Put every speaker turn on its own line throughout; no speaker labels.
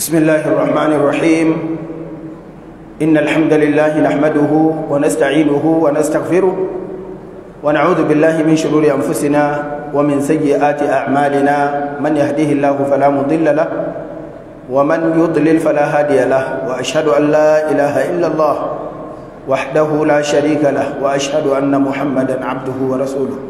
بسم الله الرحمن الرحيم إن الحمد لله نحمده ونستعينه ونستغفره ونعوذ بالله من شرور أنفسنا ومن سيئات أعمالنا من يهديه الله فلا مضل له ومن يضلل فلا هادي له وأشهد أن لا إله إلا الله وحده لا شريك له وأشهد أن محمدا عبده ورسوله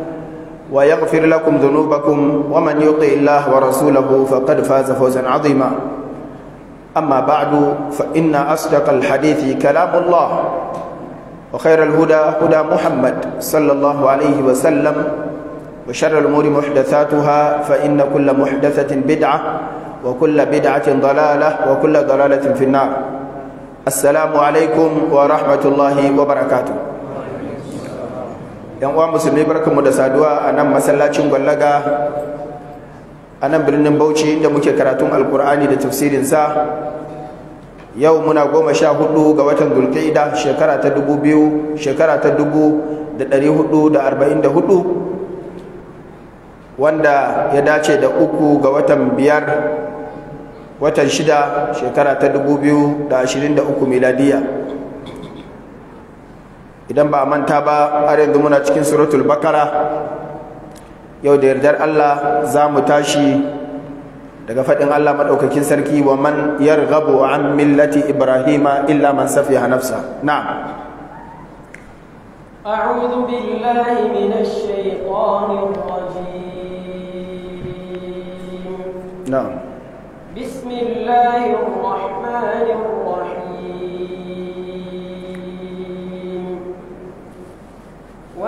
ويغفر لكم ذنوبكم ومن يطع الله ورسوله فقد فاز فوزا عظيما أما بعد فإن أصدق الحديث كلام الله وخير الهدى هدى محمد صلى الله عليه وسلم وشر الأمور محدثاتها فإن كل محدثة بدعة وكل بدعة ضلالة وكل ضلالة في النار السلام عليكم ورحمة الله وبركاته yan uwa musulmi mu da saduwa a nan masallacin gwallaga a nan birnin bauchi inda muke karatun alkur'ani da tafsirinsa yau muna goma sha hudu ga watan dulkaida shekara ta dubu biyu shekara ta dubu da dari hudu da arba'in da hudu wanda ya dace da uku ga watan biyar watan shida shekara ta dubu biyu da ashirin da uku miladiya idan ba a manta ba har yanzu muna cikin suratul bakara yau da yardar Allah za mu tashi daga faɗin Allah maɗaukakin sarki wa man yarghabu an millati ibrahima illa man safiha nafsa na'am
أعوذ بالله من الشيطان الرجيم نعم بسم الله الرحمن الرحيم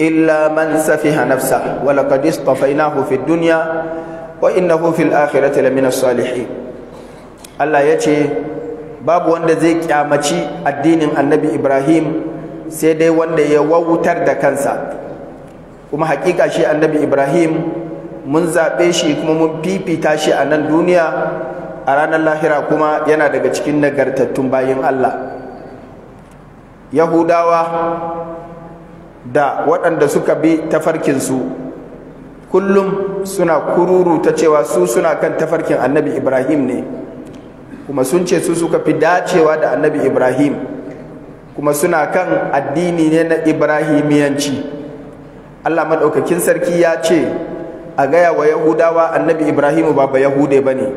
إلا من سفه نفسه ولقد اصطفيناه في الدنيا وإنه في الآخرة لمن الصالحين الله يتي باب وند زي كيامتي الدين النبي إبراهيم سيدي وند يووتر دا كنسا kuma hakika shi annabi Ibrahim mun zaɓe shi kuma mun fifita shi a nan duniya a ranar lahira kuma yana daga cikin nagartattun bayan Allah Yahudawa da waɗanda suka bi tafarkinsu kullum suna kururu ta cewa su suna kan tafarkin annabi ibrahim ne kuma sun ce su suka fi dacewa da annabi ibrahim kuma suna kan addini ne na ibrahimiyanci allah maɗaukakin sarki ya ce a gaya wa yahudawa annabi ibrahimu ba ba yahude ba ne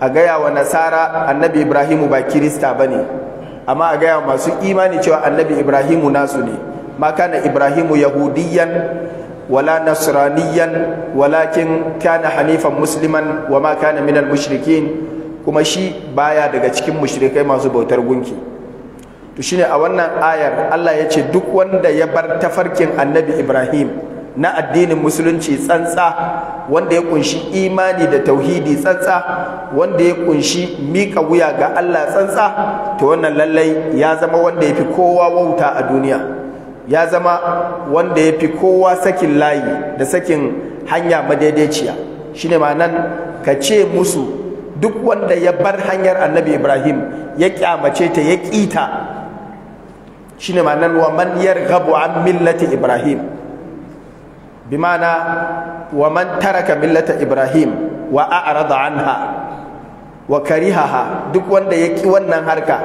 a gaya wa nasara annabi ibrahimu ba kirista ba ne amma a gaya wa masu imani cewa annabi ibrahimu nasu ne ma na ibrahimu yahudiyan wala nasraniyan walakin kana hanifan musliman wa ma kana minal mushrikin kuma shi baya daga cikin mushrikai masu bautar gunki to shine a wannan ayar Allah ya ce duk wanda ya bar tafarkin annabi Ibrahim na addinin musulunci tsantsa wanda ya kunshi imani da tauhidi tsantsa wanda ya kunshi mika wuya ga Allah tsantsa to wannan lallai ya zama wanda ya fi kowa wauta a duniya ya zama wanda ya fi kowa sakin layi da sakin hanya madaidaiciya ne nan ka ce musu duk wanda ya bar hanyar annabi ibrahim ya kyamace ta ya ƙita ne nan wa man gabu an millati ibrahim bi mana wa man taraka millata ibrahim wa a'rada anha wa karihaha duk wanda ya ƙi wannan harka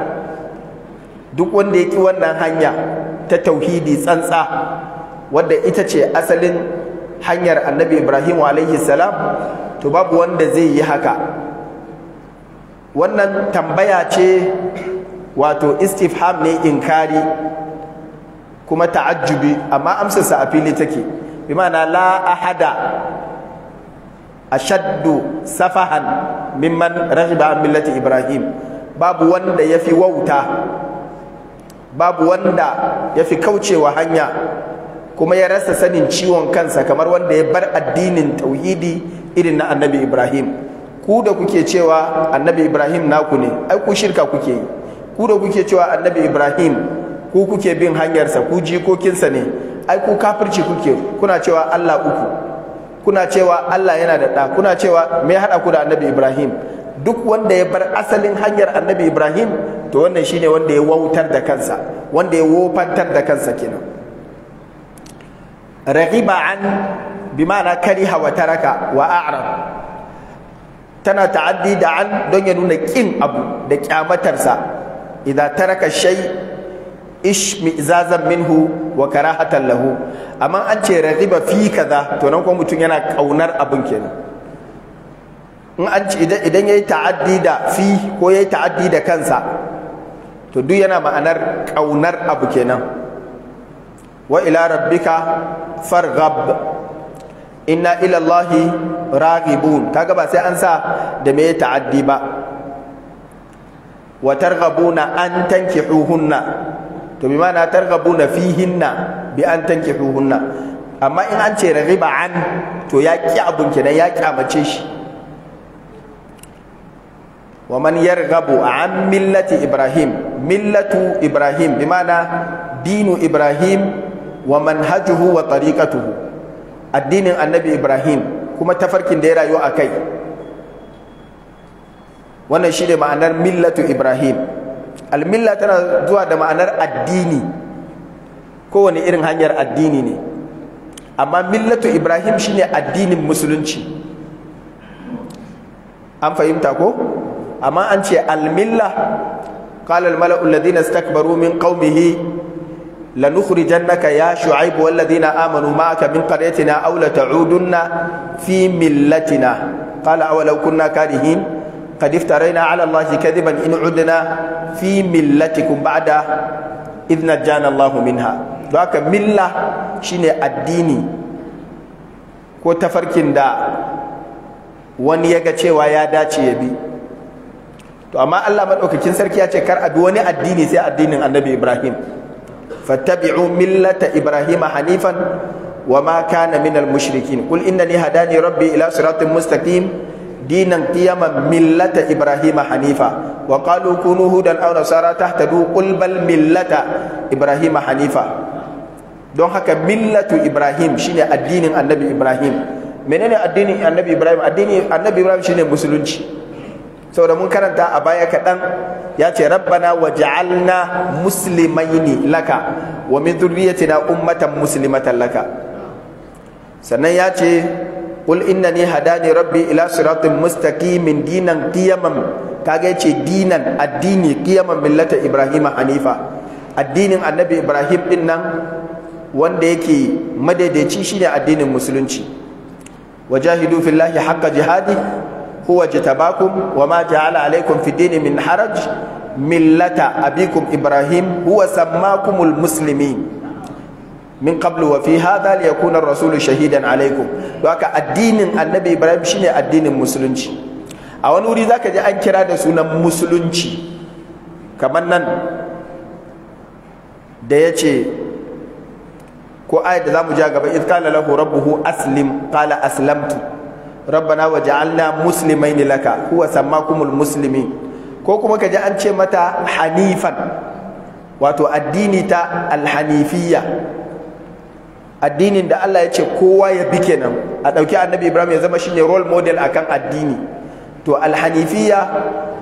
duk wanda ya ƙi wannan hanya ta tauhidi tsantsa wadda ita ce asalin hanyar annabi ibrahim alaihi salam to babu wanda zai yi haka wannan tambaya ce wato istifham ne inkari kuma ta'ajjubi amma amsarsa a fili take bi ma'ana la ahada ashaddu safahan mimman raghiba an millati ibrahim babu wanda yafi wauta babu wanda ya fi kaucewa hanya kuma ya rasa sanin ciwon kansa kamar wanda ya bar addinin tauhidi irin na annabi ibrahim ku da kuke cewa annabi ibrahim naku ne ai ku shirka kuke yi ku da kuke cewa annabi ibrahim ku kuke bin hanyarsa ku jikokinsa ne ai ku kafirci kuke kuna cewa allah uku kuna cewa allah yana da ɗa kuna cewa me haɗa ku da annabi ibrahim duk wanda ya bar asalin hanyar annabi ibrahim to wannan shine wanda ya wautar da kansa wanda ya wofantar da kansa kenan raghiba an bi kariha wa taraka wa a'rab tana ta'addi da an don ya nuna kin abu da kyamatarsa idza taraka shay ishmizazan minhu wa karahatan lahu amma an ce raghiba fi kaza to nan kuma mutum yana kaunar abun kenan in an ce idan ya yi ta'addi da fi ko ya yi ta'addi da kansa to duk yana ma'anar ƙaunar abu kenan wa ila rabbika farghab inna ila allahi raghibun kaga ba sai an sa da me ta'addi ba wa targhabuna an tankihuhunna to bi ma'ana targhabuna fihinna bi an tankihuhunna amma in an ce raghiba an to ya ki abun kenan ya kyamace shi wa man yarghabu an millati ibrahim millatu ibrahim bimana dinu ibrahim wa manhajuhu wa tariqatuhu addinin annabi ibrahim kuma tafarkin da ya rayu a kai wannan shi ma'anar millatu ibrahim almilla tana zuwa da ma'anar addini kowane irin hanyar addini ne amma millatu ibrahim shine addinin musulunci an fahimta ko amma an ce almilla kalal mala'ul ladina stakbaru min qaumihi lanukhrijannaka ya shu'aib ladina amanu ma'aka min qaryatina aw ta'udunna fi millatina qala awalau kunna karihin qad iftaraina 'ala allahi kadiban in 'udna fi millatikum ba'da idh najjana allahu minha don haka milla shine addini ko tafarkin da wani ya ga cewa ya dace ya bi to amma Allah madaukakin sarki ya ce kar a bi wani addini sai addinin annabi Ibrahim fattabi'u millata Ibrahim hanifan wa ma kana mushrikin qul innani hadani rabbi ila siratin mustaqim dinan qiyaman millata Ibrahim hanifa wa qalu kunu hudan aw nasara tahtadu qul bal millata Ibrahim hanifa don haka millatu Ibrahim shine addinin annabi Ibrahim menene addinin annabi Ibrahim addini annabi Ibrahim shine musulunci saboda mun karanta a baya kaɗan ya ce rabbana wa ja'alna muslimaini laka wa min na ummatan muslimatan laka sannan ya ce qul innani ne rabbi ila siratin mustaqimin dinan qiyaman kaga yace dinan addini qiyaman millata ibrahima hanifa addinin annabi ibrahim din nan wanda yake madaidaici shine addinin musulunci wajahidu fillahi haqqa jihadi huwa jitabakum wa ma ja'ala alaikum fi dini min haraj millata abikum ibrahim huwa sammakumul muslimin min qablu wa fi hadha li yakuna ar-rasul shahidan alaikum. to haka addinin annabi ibrahim shine addinin musulunci a wani wuri zaka ji an kira da sunan musulunci kamar nan da yace ko ayat da zamu ji gaba iz qala lahu rabbuhu aslim qala aslamtu rabbana waj'alna muslimaini laka huwa sammakumul muslimin ko kuma ka ji an ce mata hanifan wato addini ta alhanifiyya addinin da Allah ya ce kowa ya bi kenan a ɗauki annabi Ibrahim ya zama shine role model akan addini to alhanifiya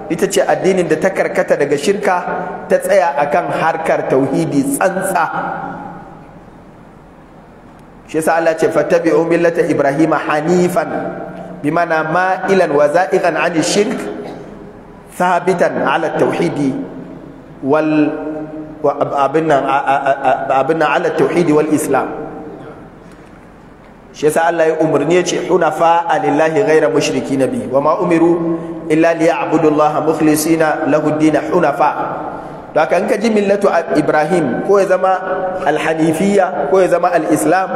ita ce addinin da ta karkata daga shirka ta tsaya akan harkar tauhidi tsantsa shi yasa Allah ce fattabi'u millata Ibrahim hanifan bimana ma'ilan wa za'iqan 'ani shirk thabitan 'ala tauhidi wal abin nan ala tauhidi wal islam shi yasa Allah ya umarni yace ce hunafa alillahi ghaira mushriki nabi wa ma umiru illa liya'budu Allah mukhlisina lahu ad-din hunafa to haka in ka ji millatu Ibrahim ko ya zama alhanifiyya ko ya zama al-islam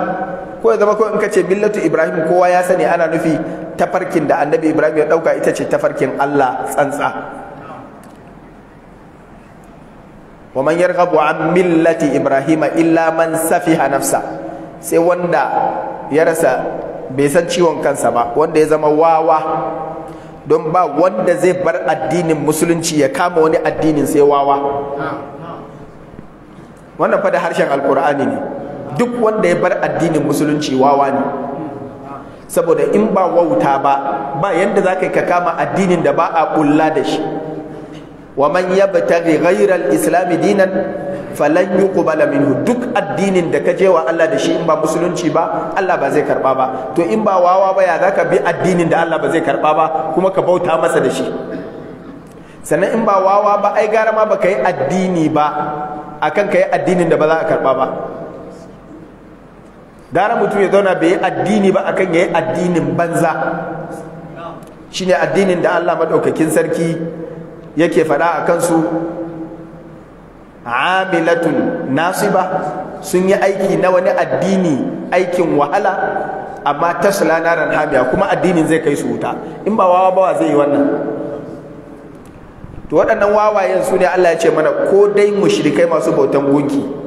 ko ya zama ko in ka ce millatu Ibrahim kowa ya sani ana nufi tafarkin da annabi ibrahim ya ɗauka ita ce tafarkin allah tsantsa wa man yarghabu an millati ibrahima illa man safiha nafsa sai wanda ya rasa bai san ciwon kansa ba wanda ya zama wawa don ba wanda zai bar addinin musulunci ya kama wani addinin sai wawa wannan fa da harshen alkur'ani ne duk wanda ya bar addinin musulunci wawa ne saboda in ba wauta ba ba yadda za ka yi kama addinin da ba a kulla da shi wa man yabtaghi ghayra al-islam dinan falan yuqbala minhu duk addinin da ka je wa Allah da shi in ba musulunci ba Allah ba zai karba ba to in ba wawa ba ya zaka bi addinin da Allah ba zai karba ba kuma ka bauta masa da shi sannan in ba wawa ba ai gara ma baka yi addini ba akan ka yi addinin da ba za a karba ba gara mutum ya zauna bai yi addini ba akan ya yi addinin banza shine addinin da Allah maɗaukakin sarki yake faɗa a kansu amilatun ba sun yi aiki na wani addini aikin wahala amma tasla na hamiya kuma addinin zai kai su wuta in ba wawa bawa zai yi wannan to waɗannan wawayen su ne Allah ya ce mana ko dai mushrikai masu bautan gunki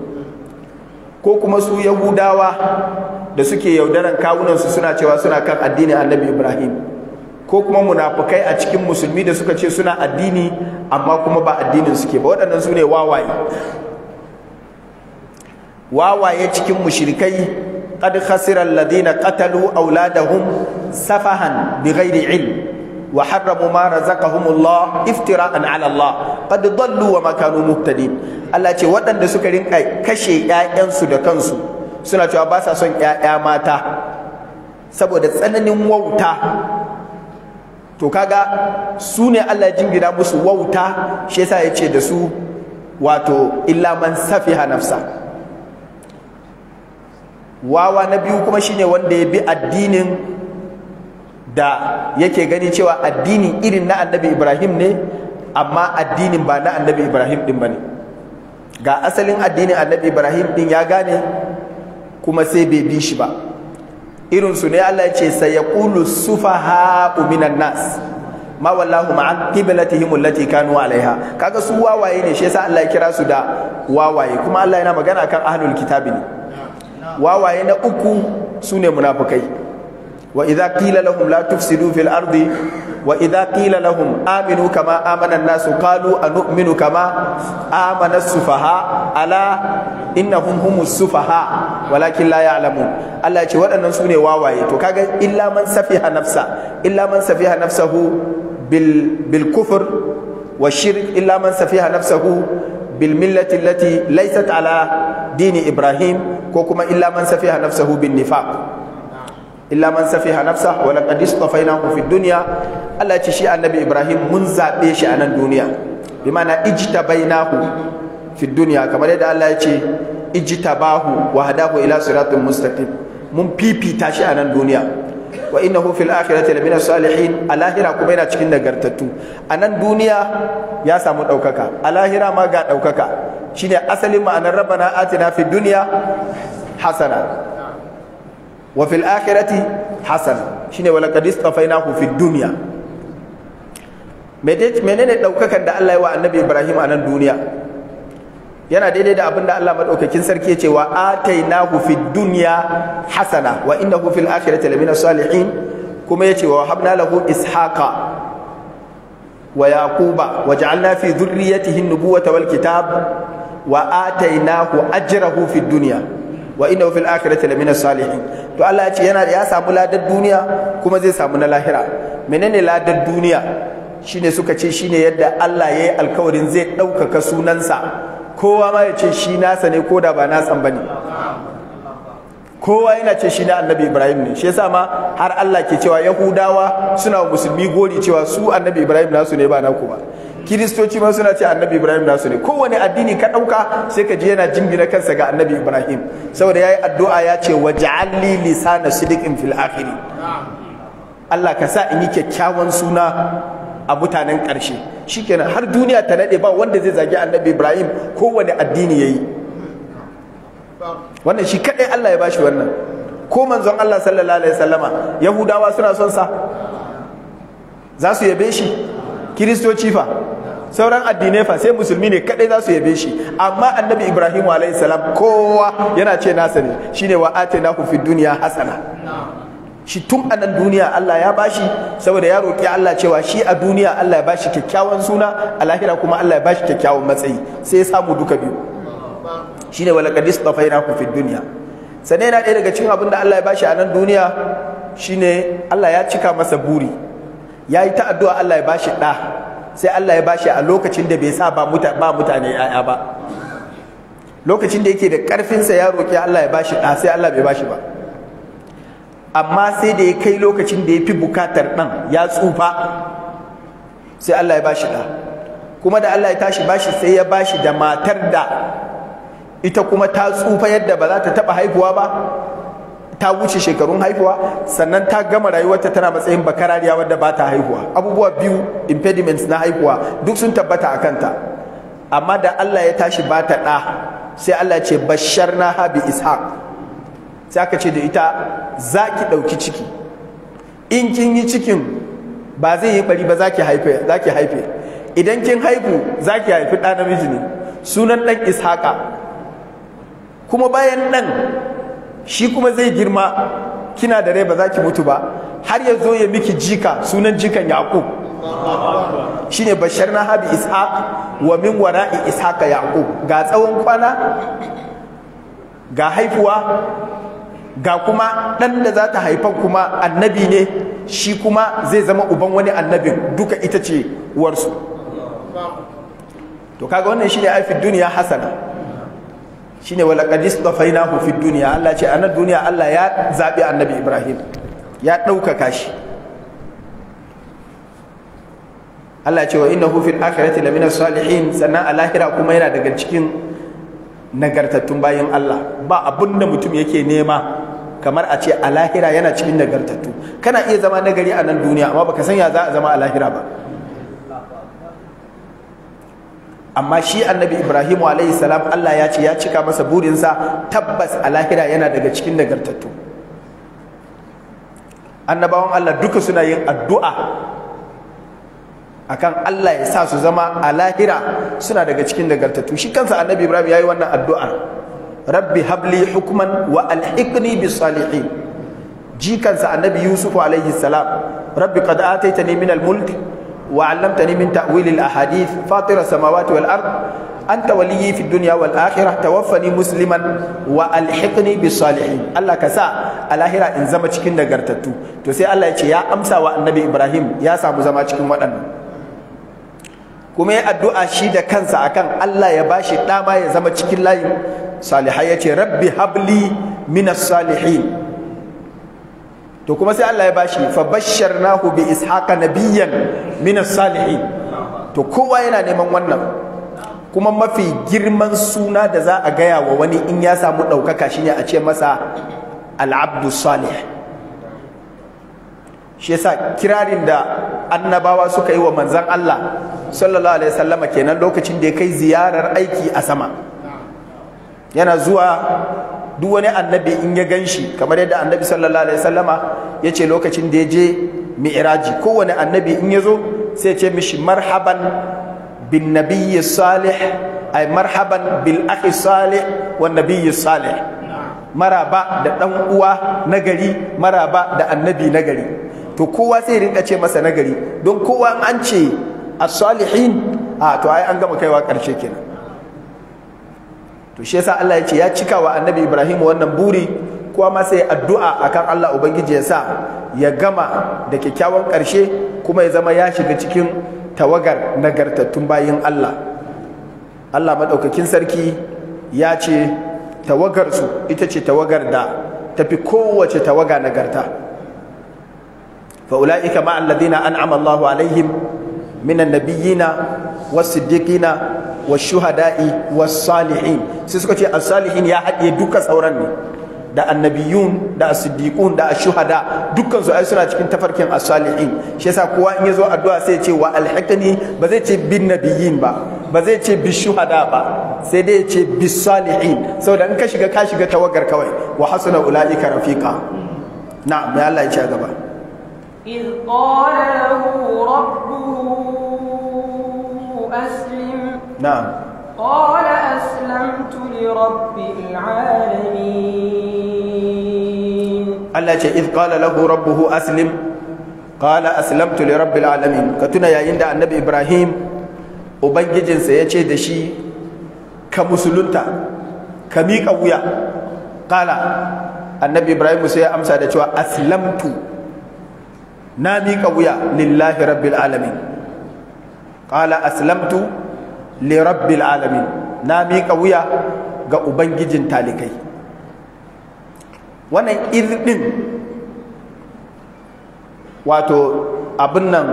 ko kuma su yahudawa da suke yaudaran kawunansu suna cewa suna kan addinin annabi ibrahim ko kuma munafukai a cikin musulmi da suka ce suna addini amma kuma ba addinin suke ba waɗannan su ne wawaye wawaye cikin mushrikai qad khasira alladhina qatalu auladahum safahan bighairi ilm وحرموا ما رزقهم iftira'an Al'a على الله قد ضلوا وما ce waɗanda suka rinka kashe ƴaƴansu da kansu suna cewa ba sa son ƴaƴa mata saboda tsananin wauta to kaga su ne Allah ya jingina musu wauta shi yasa yace da su wato illa man safiha nafsa wawa na biyu kuma shine wanda ya bi addinin da yake gani cewa addini irin na annabi ibrahim ne amma addinin ba na annabi ibrahim din ba ne ga asalin addinin annabi ibrahim din ya gane kuma sai bai bi shi ba irinsu ne allah ce sayaqulu sufaha uminan nas ma wallahu ma'an qiblatihim allati kanu alaiha kaga su wawaye ne shi yasa Allah ya kira su da wawaye kuma Allah yana magana kan ahlul kitabi ne wawaye na uku sune munafukai. wa idza qila lahum la tufsidu fil ardi wa idza qila lahum aminu kama amana an-nasu anu'minu kama amana as-sufaha ala innahum humus sufaha walakin la ya'lamun Allah ce waɗannan sune wawaye to ka illa illa man safiha nafsahu bil bil wa shirk illa man safiha nafsahu bil millati allati ala dini ibrahim ko kuma illa man safiha nafsahu bin nifaq illa man safiha nafsa wa laqad istafainahu fi dunya Allah ya ce shi annabi Ibrahim mun zabe shi a nan duniya bi ma'ana ijtabainahu fi dunya kamar yadda Allah ya ce ijtabahu wa hadahu ila siratin mustaqim mun fifita shi a nan duniya wa innahu fil akhirati lamina salihin a lahira kuma yana cikin nagartattu a nan duniya ya samu ɗaukaka a lahira ma ga ɗaukaka shine asalin ma'anar rabana atina fi duniya hasana wa fil akhirati hasan shine wala qad istafainahu fid dunya menene daukakan da Allah ya wa annabi Ibrahim a nan duniya yana daidai da abin da Allah madaukakin sarki ya ce wa atainahu fid dunya hasana wa innahu fil akhirati lamina salihin kuma yace wa habna lahu ishaqa wa yaquba wa ja'alna fi dhurriyyatihi an-nubuwata wal kitab wa atainahu ajrahu fid dunya wa inna fil akhirati minas salihin to Allah ya ce yana ya samu ladar duniya kuma zai samu na lahira menene ladar duniya shine suka ce shine yadda Allah ya alkawarin zai ɗaukaka sunansa kowa ma ya ce shi nasa ne ko da ba nasan bane kowa yana ce shi na annabi ibrahim ne shi yasa ma har Allah ke cewa yahudawa suna musulmi gori cewa su annabi ibrahim nasu ne ba naku ba kiristoci ma suna ce annabi ibrahim nasu ne kowane addini ka ɗauka sai ka ji yana jingina kansa ga annabi ibrahim saboda ya yi addu'a ya ce wa ja'alli lisana sidiqin fil akhiri Allah ka sa in yi kyakkyawan suna a mutanen ƙarshe shikenan har duniya ta naɗe ba wanda zai zagi annabi ibrahim kowane addini ya yi wannan shi kaɗai Allah ya bashi wannan ko manzon Allah sallallahu alaihi wasallama yahudawa suna son sa za su yabe shi kiristoci fa sauran addinai fa sai musulmi ne kadai za su yabe shi amma annabi ibrahim alayhi salam kowa yana ce nasa ne shine wa ku fi dunya hasana shi tun a nan duniya Allah ya bashi saboda ya roƙi Allah cewa shi a duniya Allah ya bashi kyakkyawan suna a lahira kuma Allah ya bashi kyakkyawan matsayi sai ya samu duka biyu shine walaqad na fid dunya sanai na ɗaya daga cikin abin da Allah ya bashi a nan duniya shine Allah ya cika masa buri ya yi ta addu'a Allah ya bashi ɗa sai Allah ya bashi a lokacin da bai sa ba mutane ‘ya'ya ba lokacin da yake da ƙarfinsa ya roƙi Allah ya bashi ɗa sai Allah bai bashi ba amma sai da ya kai lokacin da ya fi bukatar ɗan ya tsufa sai Allah ya bashi ɗa kuma da Allah ya tashi bashi sai ya bashi da matar da ita kuma ta tsufa yadda ba za ta taɓa haihuwa ba ta wuce shekarun haihuwa sannan ta gama rayuwarta tana matsayin bakarariya wadda ba ta haihuwa abubuwa biyu impediments na haihuwa duk sun tabbata a kanta amma da Allah ya tashi ba ta ɗa sai Allah ce bashar na habi ishaq sai aka ce da ita za ki ɗauki ciki in kin yi cikin ba zai yi bari ba za ki haife idan kin haihu za ki haifi ɗa namiji ne sunan ɗan ishaqa kuma bayan ɗan shi kuma zai girma kina da rai ba za ki mutu ba har ya zo ya miki jika sunan jikan yaqub shine bashar na habi ishaq wa min wara'i ishaq yaqub ga tsawon kwana ga haifuwa ga kuma ɗan da za ta haifan kuma annabi ne shi kuma zai zama uban wani annabin duka ita ce uwarsu. to kaga wannan shine aifin duniya hasana shine wala qadis dafainahu fid dunya Allah ce a nan duniya Allah ya zaɓi annabi Ibrahim ya ɗaukaka shi Allah ce wa innahu fil akhirati lamina salihin sannan a lahira kuma yana daga cikin nagartattun bayan Allah ba abin da mutum yake nema kamar a ce a lahira yana cikin nagartattu kana iya zama nagari a nan duniya amma baka san ya za a zama a lahira ba amma shi annabi ibrahimu alayhi salam allah ya ce ya cika masa burinsa tabbas a lahira yana daga cikin nagartattu annabawan allah duka suna yin addu'a akan allah ya sa su zama a lahira suna daga cikin nagartattu shi kansa annabi ibrahim ya yi wannan addu'ar rabbi habli hukman wa alhiqni bi salihin jikansa annabi Yusuf alayhi salam rabbi qad ataitani min al-mulk وعلمتني من تأويل الأحاديث فاطر السماوات والأرض أنت وليي في الدنيا والآخرة توفني مسلما وألحقني بالصالحين الله كسا الآخرة إن زما cikin nagartattu to sai Allah ya ce ya amsa wa annabi Ibrahim ya samu zama cikin waɗannan kuma ya addu'a shi da kansa akan Allah ya bashi ɗama ya zama cikin layin salihai ya ce rabbi habli minas salihin to kuma sai Allah ya bashi fa basharnahu bi ishaqa nabiyyan min salihin to kowa yana neman wannan kuma mafi girman suna da za a gaya wa wani in ya samu ɗaukaka shine a ce masa al'abdu salih shi yasa kirarin da annabawa suka yi wa manzon Allah sallallahu alaihi wasallama kenan lokacin da ya kai ziyarar aiki a sama yana zuwa duk wani annabi in ya gan shi kamar yadda annabi sallallahu alaihi wasallama ya ce lokacin da ya je mi'raji kowane annabi in ya zo sai ce mishi marhaban bin nabiyyi salih ay marhaban bil akhi salih wan nabiyyi salih maraba da dan uwa nagari maraba da annabi nagari to kowa sai rinka ce masa nagari don kowa an ce as-salihin a to ai an gama kaiwa karshe kenan to shi yasa Allah ya ce ya cika wa annabi Ibrahim wannan buri kuwa ma sai addu'a akan Allah ubangiji ya sa ya gama da kyakkyawan ƙarshe kuma ya zama ya shiga cikin tawagar nagartattun bayin Allah Allah maɗaukakin sarki ya ce tawagarsu ita ce tawagar da tafi kowace tawaga nagarta fa'ula'ika ma'alladina an'ama Allahu alaihim minan nabiyina was-siddiqina wash-shuhada'i was-salihin sai suka ce as-salihin ya haɗe duka sauran ne da annabiyun da da a shuhada dukkan suna cikin tafarkin as-salihin shi yasa kowa in yazo addu'a sai ya ce wa alhaqani ba zai ce bin nabiyyin ba ba zai ce bi shuhada ba sai dai ya ce bi salihin saboda in ka shiga ka shiga tawagar kawai wa hasuna ulaika rafiqa na'am ya Allah ya ci gaba
إذ قال له ربه أسلم نعم قال أسلمت لرب العالمين
الله ce إذ قال له ربه أسلم قال أسلمت لرب العالمين ka tuna yayin da annabi Ibrahim ubangijinsa ya ce da shi ka musulunta ka miƙa wuya ƙala annabi Ibrahim sai ya amsa da cewa aslamtu na miƙa wuya lillahi rabbil alamin ƙala aslamtu li rabbil alamin na miƙa wuya ga ubangijin talikai wannan izinin wato abin nan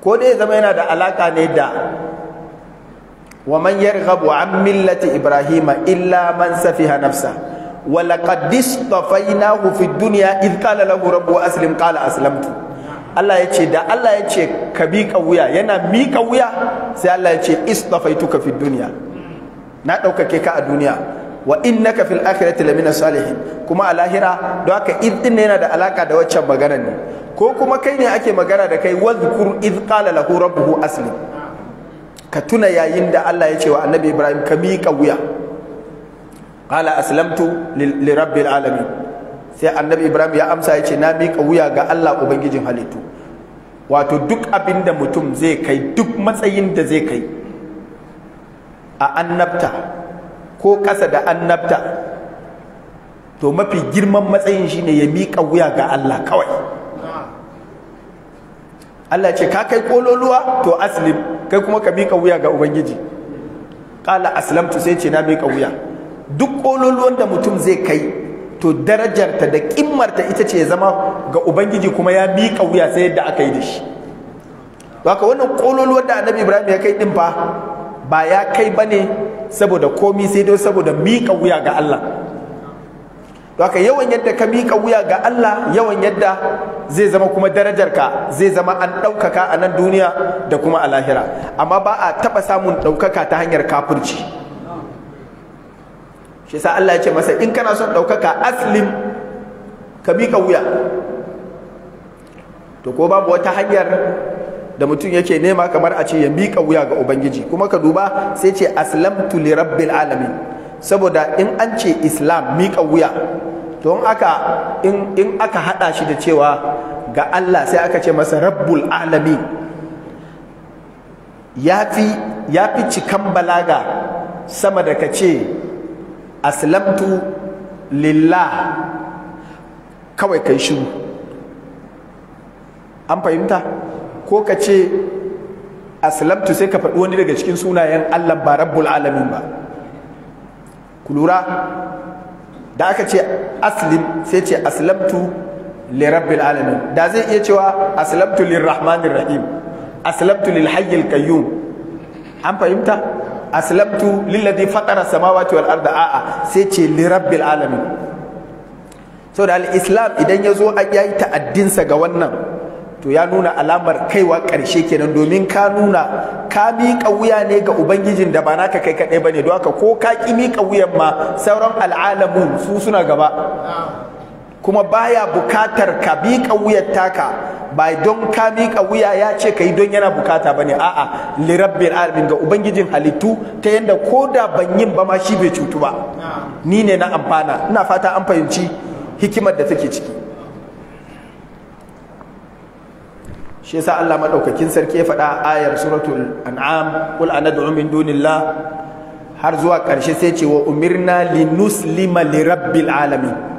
ko dai zama yana da alaƙa ne da wa man yarghabu an millati ibrahima illa man safiha nafsa ولقد na hufi duniya إذ قال له ربه أسلم قال أسلمت Allah ya ce da Allah ya ce ka miƙa wuya yana miƙa wuya sai Allah ya ce ka fi duniya na ɗaukake ka a duniya wa ka fil akhirati lamina salihin kuma a lahira don haka id din yana da alaka da waccan magana ne ko kuma kai ne ake magana da kai wazkur id qala lahu rabbuhu aslim ka tuna yayin da Allah ya ce wa annabi Ibrahim ka miƙa wuya qala aslamtu li rabbil alamin sai annabi ibrahim ya amsa ya ce na miƙa wuya ga Allah ubangijin halittu wato duk abin da mutum zai kai duk matsayin da zai kai a annabta ko ƙasa da annabta to mafi girman matsayin shine ya miƙa wuya ga Allah kawai Allah ce ka kai kololuwa to aslim kai kuma ka miƙa wuya ga ubangiji qala aslamtu sai ce na miƙa wuya duk ƙololuwan da mutum zai kai to darajarta da ƙimmarta ita ce zama ga ubangiji kuma ya bi wuya sai yadda aka yi da shi haka wannan ƙololuwan da annabi ibrahim ya kai ɗin fa ba ya kai ba ne saboda komi sai dai saboda miƙa wuya ga allah haka yawan yadda ka miƙa wuya ga allah yawan yadda zai zama kuma darajarka zai zama an ɗaukaka a nan duniya da kuma a lahira amma ba a taɓa samun ɗaukaka ta hanyar kafirci shi sa Allah ya ce masa in kana son ɗaukaka aslim ka miƙa wuya to ko babu wata hanyar da mutum yake nema kamar a ce ya miƙa wuya ga ubangiji kuma ka duba sai ce aslamtu li rabbil alamin saboda in an ce islam miƙa wuya to in aka in, in aka hada shi da cewa ga Allah sai aka ce masa rabbul alamin yafi yafi cikan balaga sama da ka ce aslamtu lillah kawai kai shiru an fahimta ko ka ce aslamtu sai ka faɗi wani daga cikin sunayen Allah ba rabbul alamin ba ku lura da aka ce aslim sai ce aslamtu li rabbil alamin da zai iya cewa aslamtu lirrahmanir rahim aslamtu lil hayyil an fahimta aslamtu lilladhi fatara samawati wal arda a'a sai ce li rabbil alamin so da al-islam idan ya zo yayi ta'addinsa ga wannan to ya nuna alamar kaiwa karshe kenan domin ka nuna ka miƙa wuya ne ga ubangijin da ba naka kai kaɗai bane don haka ko ka ƙi miƙa wuyan ma sauran al'alamu su suna gaba kuma baya bukatar ka miƙa wuyar taka ba don ka miƙa wuya ya ce ka yi don yana bukata ba ne a'a lirabbin alamin ga ubangijin halittu ta yadda ko da ban yin ba ma shi bai cutu ba ni ne na amfana ina fata an fahimci hikimar da take ciki shi yasa Allah madaukakin sarki ya faɗa ayar suratul an'am qul anad'u min dunillah har zuwa ƙarshe sai ce wa umirna linuslima lirabbil alamin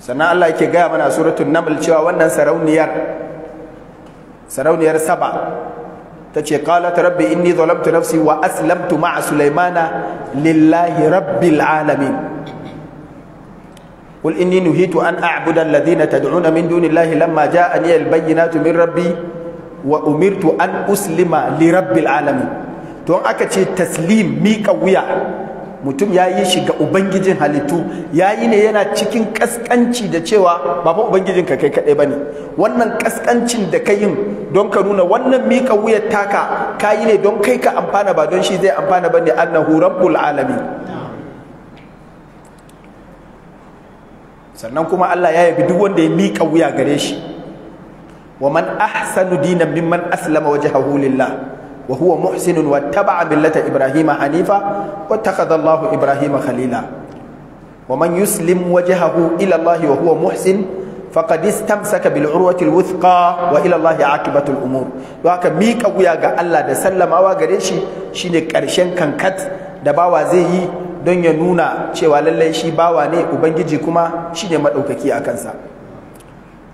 sannan Allah yake gaya mana suratul naml cewa wannan sarauniyar sarauniyar saba ta ce qalat rabbi inni zalamtu nafsi wa aslamtu ma'a sulaimana lillahi rabbil alamin قل إني نهيت أن أعبد الذين تدعون من دون الله لما جاءني البينات من ربي وأمرت أن أسلم لرب العالمين تون أكتشي تسليم ميكا ويا mutum ya yi shi ubangijin halittu ya yi ne yana cikin kaskanci da cewa ba ubangijin ka kai kaɗai ba ne wannan kaskancin da ka yin don ka nuna wannan miƙa wuyar taka ka yi ne don kai ka amfana ba don shi zai amfana ba ne annahu rabbul sannan kuma Allah ya yabi duk wanda ya miƙa wuya gare shi wa man ahsanu dinan mimman aslama wajhahu lillah wa huwa muhsinun wattaba'a millata ibrahima hanifa wattakhadha Allahu ibrahima khalila wa man yuslim wajhahu ila Allahi wa huwa muhsin faqad istamsaka bil urwati al wuthqa wa ila Allahi aqibatu umur wa haka miƙa wuya ga Allah da sallamawa gare shi shine karshen kankat da bawa zai yi don ya nuna cewa lallai shi bawa ne ubangiji kuma shine madaukaki a kansa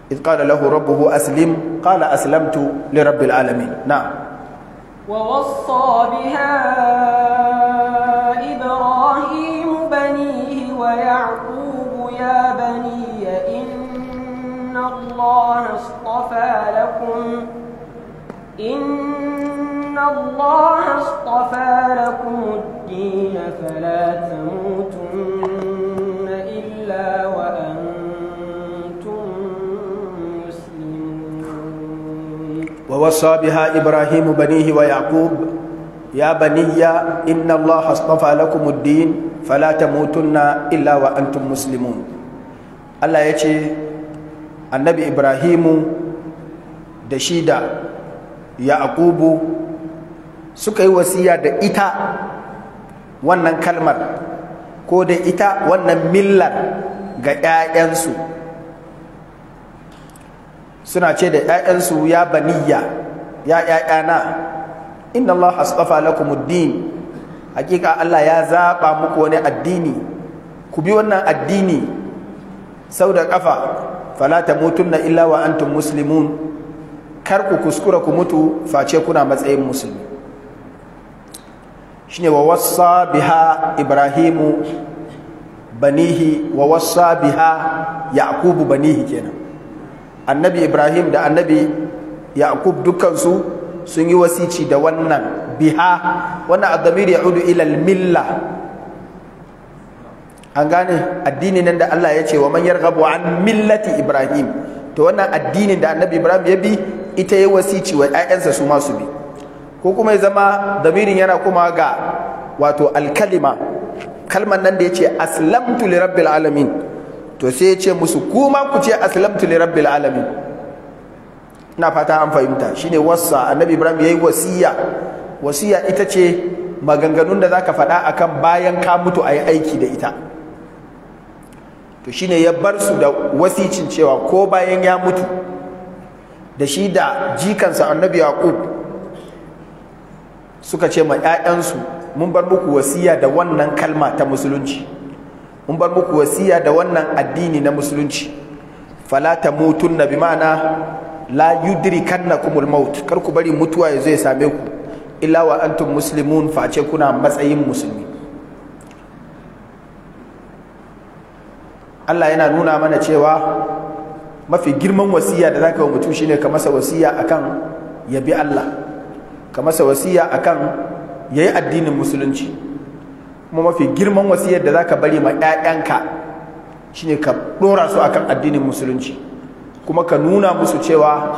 إذ قال له ربه أسلم قال أسلمت لرب العالمين نعم
ووصى بها إبراهيم بنيه ويعقوب يا بني إن الله اصطفى لكم إن الله اصطفى لكم الدين فلا تموتن إلا وأنتم
ووصى بها إبراهيم بنيه ويعقوب يا بني إن الله اصطفى لكم الدين فلا تموتن إلا وأنتم مسلمون الله يتي النبي إبراهيم دشيدا يعقوب suka yi wasiya da ita wannan kalmar ko da ita wannan millar ga 'ya'yansu suna ce da 'ya'yansu ya baniya ya 'ya'yana inna Allah kuma din, hakika Allah ya zaɓa muku wani addini ku bi wannan addini sau da ƙafa falata tamutunna illa wa antum musulmun, kar ku kuskura ku mutu face kuna matsayin musulmi ne wa wasa biha ibrahimu banihi wa wasa biha yaqubu banihi kenan annabi ibrahim da annabi yaqub dukkansu sun yi wasici da wannan biha wannan adamir ya'udu ilal milla an gane addini nan da Allah ya ce wa man yarghabu an millati ibrahim to wannan addinin da annabi ibrahim ya bi ita ya wasici wa ƴaƴansa su ma su bi ko kuma ya zama damirin yana kuma ga wato alkalima kalmar nan da ya ce aslamtu li rabbil alamin to sai ya ce musu kuma ku ce aslamtu li rabbil alamin ina fata an fahimta shine wasa annabi ibrahim yayi wasiya wasiya ita ce maganganun da zaka faɗa akan bayan ka mutu ayi aiki da ita to shine ya bar su da wasicin cewa ko bayan ya mutu da shi da jikansa annabi yaqub suka ce ma 'ya'yansu mun bar muku wasiya da wannan kalma ta musulunci mun bar muku wasiya da wannan addini na musulunci mutun na bi ma'ana la kumul maut kar ku bari mutuwa ya zo ya same ku illa wa antum muslimun face kuna matsayin musulmi Allah yana nuna mana cewa mafi girman wasiya da zaka wa mutum shine ka masa wasiya akan ya bi Allah ka masa wasiya akan yayi addinin musulunci kuma mafi girman wasiyar da zaka bari ma 'ya'yanka shine ka dora su akan addinin musulunci kuma ka nuna musu cewa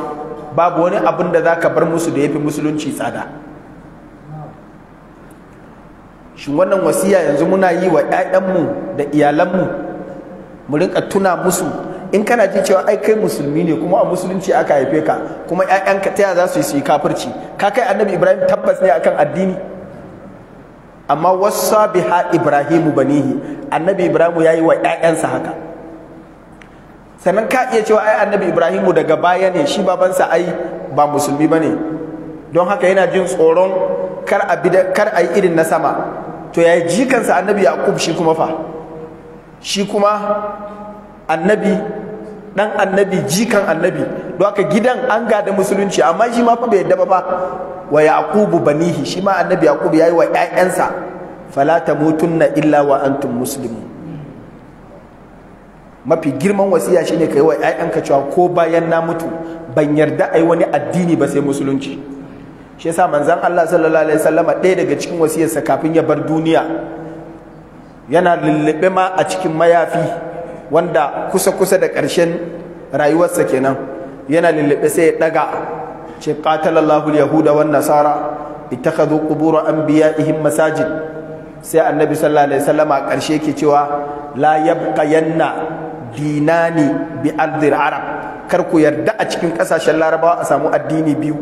babu wani abin da za ka bar musu da yafi musulunci tsada shin wannan wasiya yanzu muna yi wa 'ya'yanmu da iyalanmu mu rinka tuna musu in kana ji cewa ai kai musulmi ne kuma a musulunci aka haife ka kuma 'ya'yanka ta yaya za su su yi kafirci ka kai annabi ibrahim tabbas ne akan addini amma wasa biha ibrahimu banihi annabi ibrahimu yi wa 'ya'yansa haka sannan ka iya cewa ai annabi ibrahimu daga baya ne shi babansa ai ba musulmi bane don haka yana jin tsoron kar a bi kar a yi irin na sama to yayi jikansa annabi yaqub shi kuma fa shi kuma annabi dan annabi jikan annabi don haka gidan an gada musulunci amma shi ma fa bai yadda ba wa yaqubu banihi shi ma annabi yaqub yayi wa ƴaƴansa fala tamutunna illa wa antum muslimun mafi girman wasiya shine kai wa ƴaƴanka cewa ko bayan na mutu ban yarda ai wani addini ba sai musulunci shi yasa manzon Allah sallallahu alaihi wasallama ɗaya daga cikin wasiyarsa kafin ya bar duniya yana lullube ma a cikin mayafi wanda kusa kusa da ƙarshen rayuwarsa kenan yana lullube sai ya ɗaga ce qatalallahu yahuda wan nasara ittakhadhu qubur anbiya'ihim masajid sai annabi sallallahu alaihi a karshe yake cewa la yabqayanna dinani bi ardil arab kar ku yarda a cikin kasashen larabawa a samu addini biyu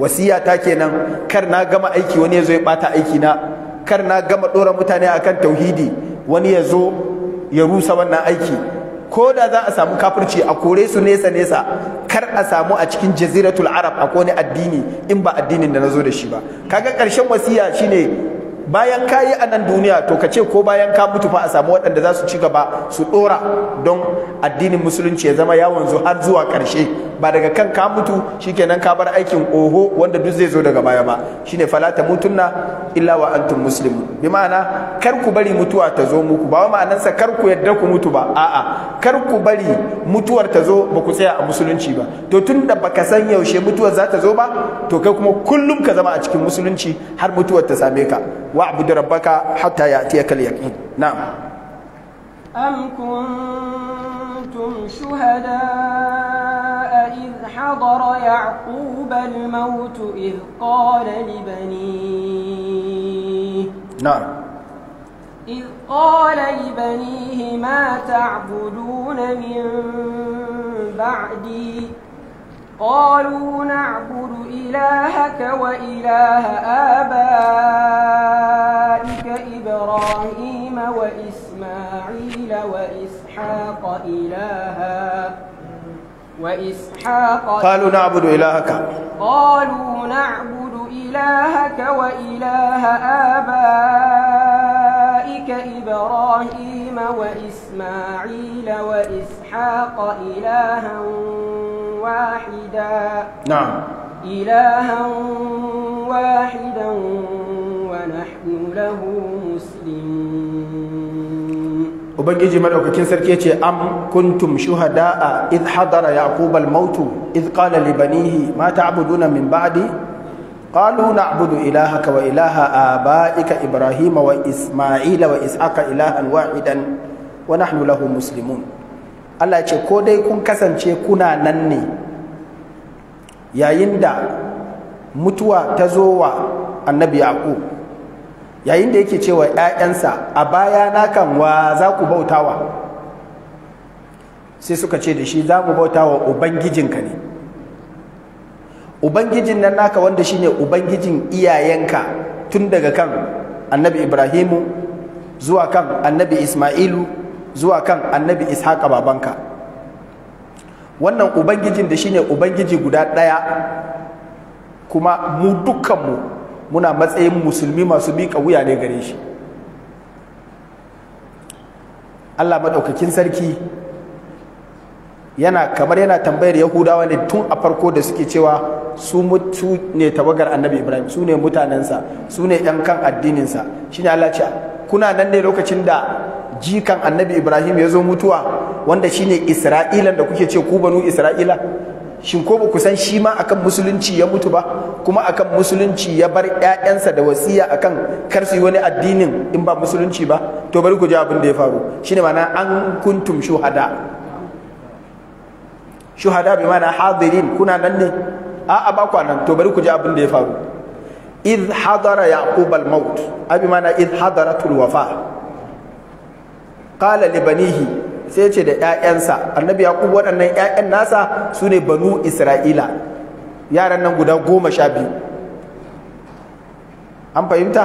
wasiya ta kenan kar na gama aiki wani ya zo ya bata aiki na kar na gama dora mutane akan tauhidi wani ya zo ya rusa wannan aiki ko da za a samu kafirci a kore su nesa nesa kar a samu a cikin jaziratul arab a kone addini in ba addinin da na zo da shi ba kaga karshen wasiya shine bayan ka yi a nan duniya to ka ce ko bayan ka mutu fa a samu waɗanda za su ci gaba su ɗora don addinin musulunci ya zama ya wanzu har zuwa ƙarshe ba daga kan ka mutu shikenan ka bar aikin oho wanda duk zai zo daga baya ba shine fala ta mutunna illa wa antum muslimu bi ma'ana kar ku bari mutuwa ta zo muku ba ma'anansa kar ku yadda ku mutu ba a'a kar ku bari mutuwar ta zo ba ku tsaya a musulunci ba to tunda baka san yaushe mutuwar za ta zo ba to kai kuma kullum ka zama a cikin musulunci har mutuwar ta same ka واعبد ربك حتى يأتيك اليقين نعم
أم كنتم شهداء إذ حضر يعقوب الموت إذ قال لبنيه نعم إذ قال لبنيه ما تعبدون من بعدي قالوا نعبد إلهك وإله آبائك إبراهيم وإسماعيل وإسحاق إلها وإسحاق قالوا
نعبد إلهك
قالوا نعبد إلهك وإله آبائك أولئك إبراهيم وإسماعيل وإسحاق إلها واحدا نعم إلها واحدا ونحن له مسلمون
ubangiji madaukakin sarki ya ce am kuntum shuhada'a idh hadara yaqub al-maut idh qala li banihi ma min ba'di قالوا نعبد إلهك Isma'ila wa إبراهيم وإسماعيل وإسحاق إلها واحدا ونحن له مسلمون Allah ce ko dai kun kasance kuna nan ne yayin da mutuwa ta zo wa annabi Yaqub yayin da yake cewa ‘ya'yansa a baya na kan wa za ku bautawa sai suka ce da shi za mu bautawa ubangijinka ne’ ubangijin nan naka wanda shine ubangijin iyayenka tun daga kan annabi ibrahimu zuwa kan annabi isma'ilu zuwa kan annabi ishaqa babanka wannan ubangijin da shine ubangiji guda ɗaya kuma mu dukkanmu muna matsayin musulmi masu miƙa wuya ne gare shi allah maɗaukakin sarki yana kamar yana tambayar yahudawa ne tun a farko da suke cewa su ne tawagar annabi ibrahim su ne mutanensa su ne yan kan addininsa Shi ne Allah ce kuna nan ne lokacin da jikan annabi ibrahim ya zo mutuwa wanda shine isra'ilan da kuke ce ku banu isra'ila shin ko ba ku san shi ma akan musulunci ya mutu ba kuma akan musulunci ya bar ƴaƴansa da wasiya akan kar su yi wani addinin in ba musulunci ba to bari ku ji abin da ya faru shine ma'ana an kuntum shuhada shuhada bi ma'ana hadirin kuna nan ne a'a ba kwanan to bari ku ji abin da ya faru idh hadara yaqub al maut abi mana idh hadaratul wafa qala li banihi sai ce da ƴaƴansa annabi yaqub waɗannan ƴaƴan nasa sune banu isra'ila yaran nan guda goma sha biyu an fahimta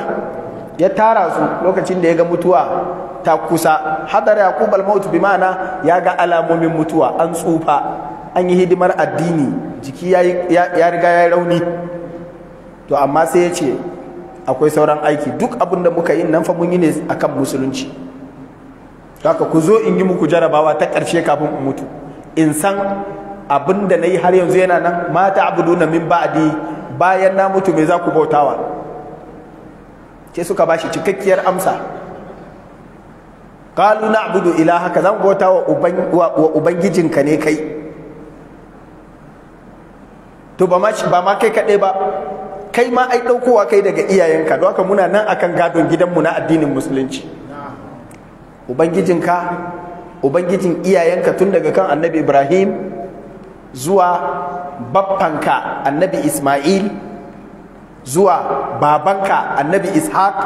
ya tara su lokacin da ya ga mutuwa ta kusa hadara yaqub al-maut bi mana ya ga alamomin mutuwa an tsufa an yi hidimar addini jiki ya riga ya rauni to amma sai ya ce akwai sauran aiki duk abin da muka yi nan fa mun yi ne a kan musulunci haka ku zo in yi muku jarabawa ta ƙarshe kafin in mutu in san abin da na yi har yanzu yana nan mata nuna min ba'di bayan na mutu me za ku bautawa ce suka bashi cikakkiyar amsa na abudu ilaha ka zan bauta wa ubangijinka ne kai to ba ma kai kaɗai ba kai ma ai ɗaukowa kai daga iyayenka don haka muna nan akan gadon gidanmu na addinin musulunci ubangijinka ubangijin iyayenka tun daga kan annabi ibrahim zuwa baffanka annabi ismail zuwa babanka annabi ishaq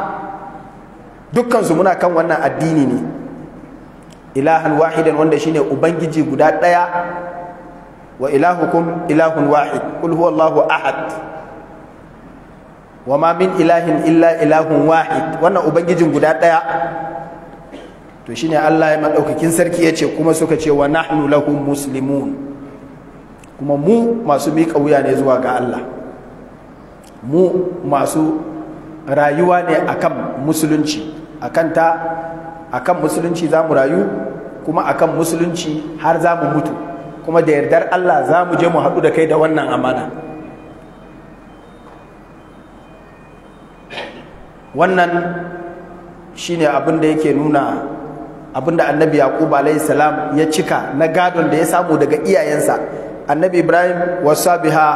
dukkansu muna kan wannan addini ne ilahan wahidan wanda shine ubangiji guda ɗaya wa ilahukum ilahun wahid qul huwallahu ahad wa ma min ilahin illa ilahun wahid wannan ubangijin guda daya to shine Allah ya madaukakin sarki yace kuma suka ce wa nahnu lahum muslimun kuma mu masu miƙa wuya ne zuwa ga Allah mu masu rayuwa ne akan musulunci akan ta akan musulunci za mu rayu kuma akan musulunci har za mu mutu kuma da yardar Allah za mu je mu haɗu da kai da wannan amana wannan shine abin da yake nuna abin da annabi yaqub alayhi salam ya cika na gadon da ya samu daga iyayensa annabi ibrahim wasabiha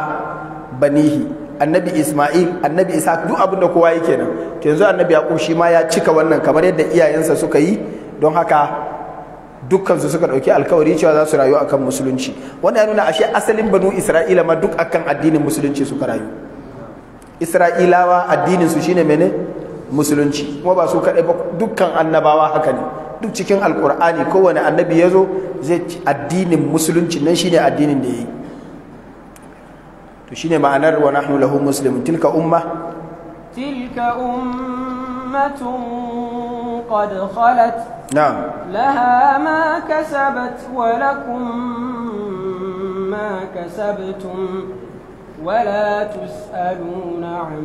banihi annabi isma'il annabi isa duk abin da kowa yake nan yanzu annabi yaqub shi ma ya cika wannan kamar yadda iyayensa suka yi don haka dukkansu suka ɗauki alkawari cewa za su rayu akan musulunci wanda ya nuna ashe asalin banu isra'ila ma duk akan addinin musulunci suka rayu isra'ilawa addininsu su shine mene musulunci kuma ba su kaɗai ba dukkan annabawa haka ne duk cikin alkur'ani kowane annabi ya zo zai ci addinin musulunci nan shine addinin da ya yi to shine ma'anar wa nahnu lahu muslimun tilka umma
tilka umma lahama kasabat wala allah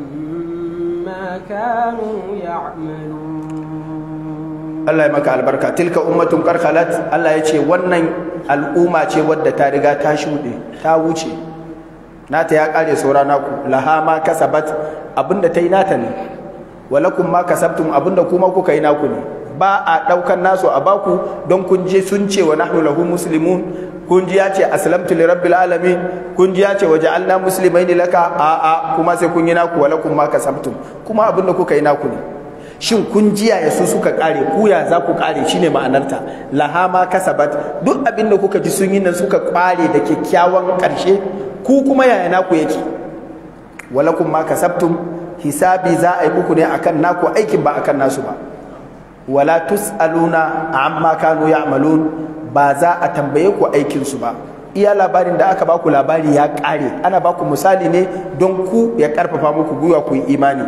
ya
maka albarka tilka umma tun allah ya ce wannan al'umma ce wadda ta riga ta shuɗe ta wuce nata ya karye saura ku lahama kasabat abinda ta yi nata ne. walakum ma kasabtum abinda kuma kuka yi naku ne ba a daukan nasu a baku don kun je sun ce wa nahnu lahu muslimun kun ji ya ce aslamtu li rabbil alamin kun ji ya ce wa ja'alna muslimain laka a a kuma sai kun yi naku walakum ma kasabtum kuma abinda kuka yi naku ne shin kun ji ya su suka kare ku ya za ku kare shine ma'anarta laha ma kasabat duk abinda kuka ji sun yi nan suka kware da kyakkyawan karshe ku kuma yaya naku yake walakum ma kasabtum hisabi za a yi muku ne akan naku aikin ba akan nasu ba wala tusaluna amma kanu ya'malun ba za a tambaye ku aikin su ba iya labarin da aka baku labari ya kare ana baku misali ne don ku ya karfafa muku gwiwa ku yi imani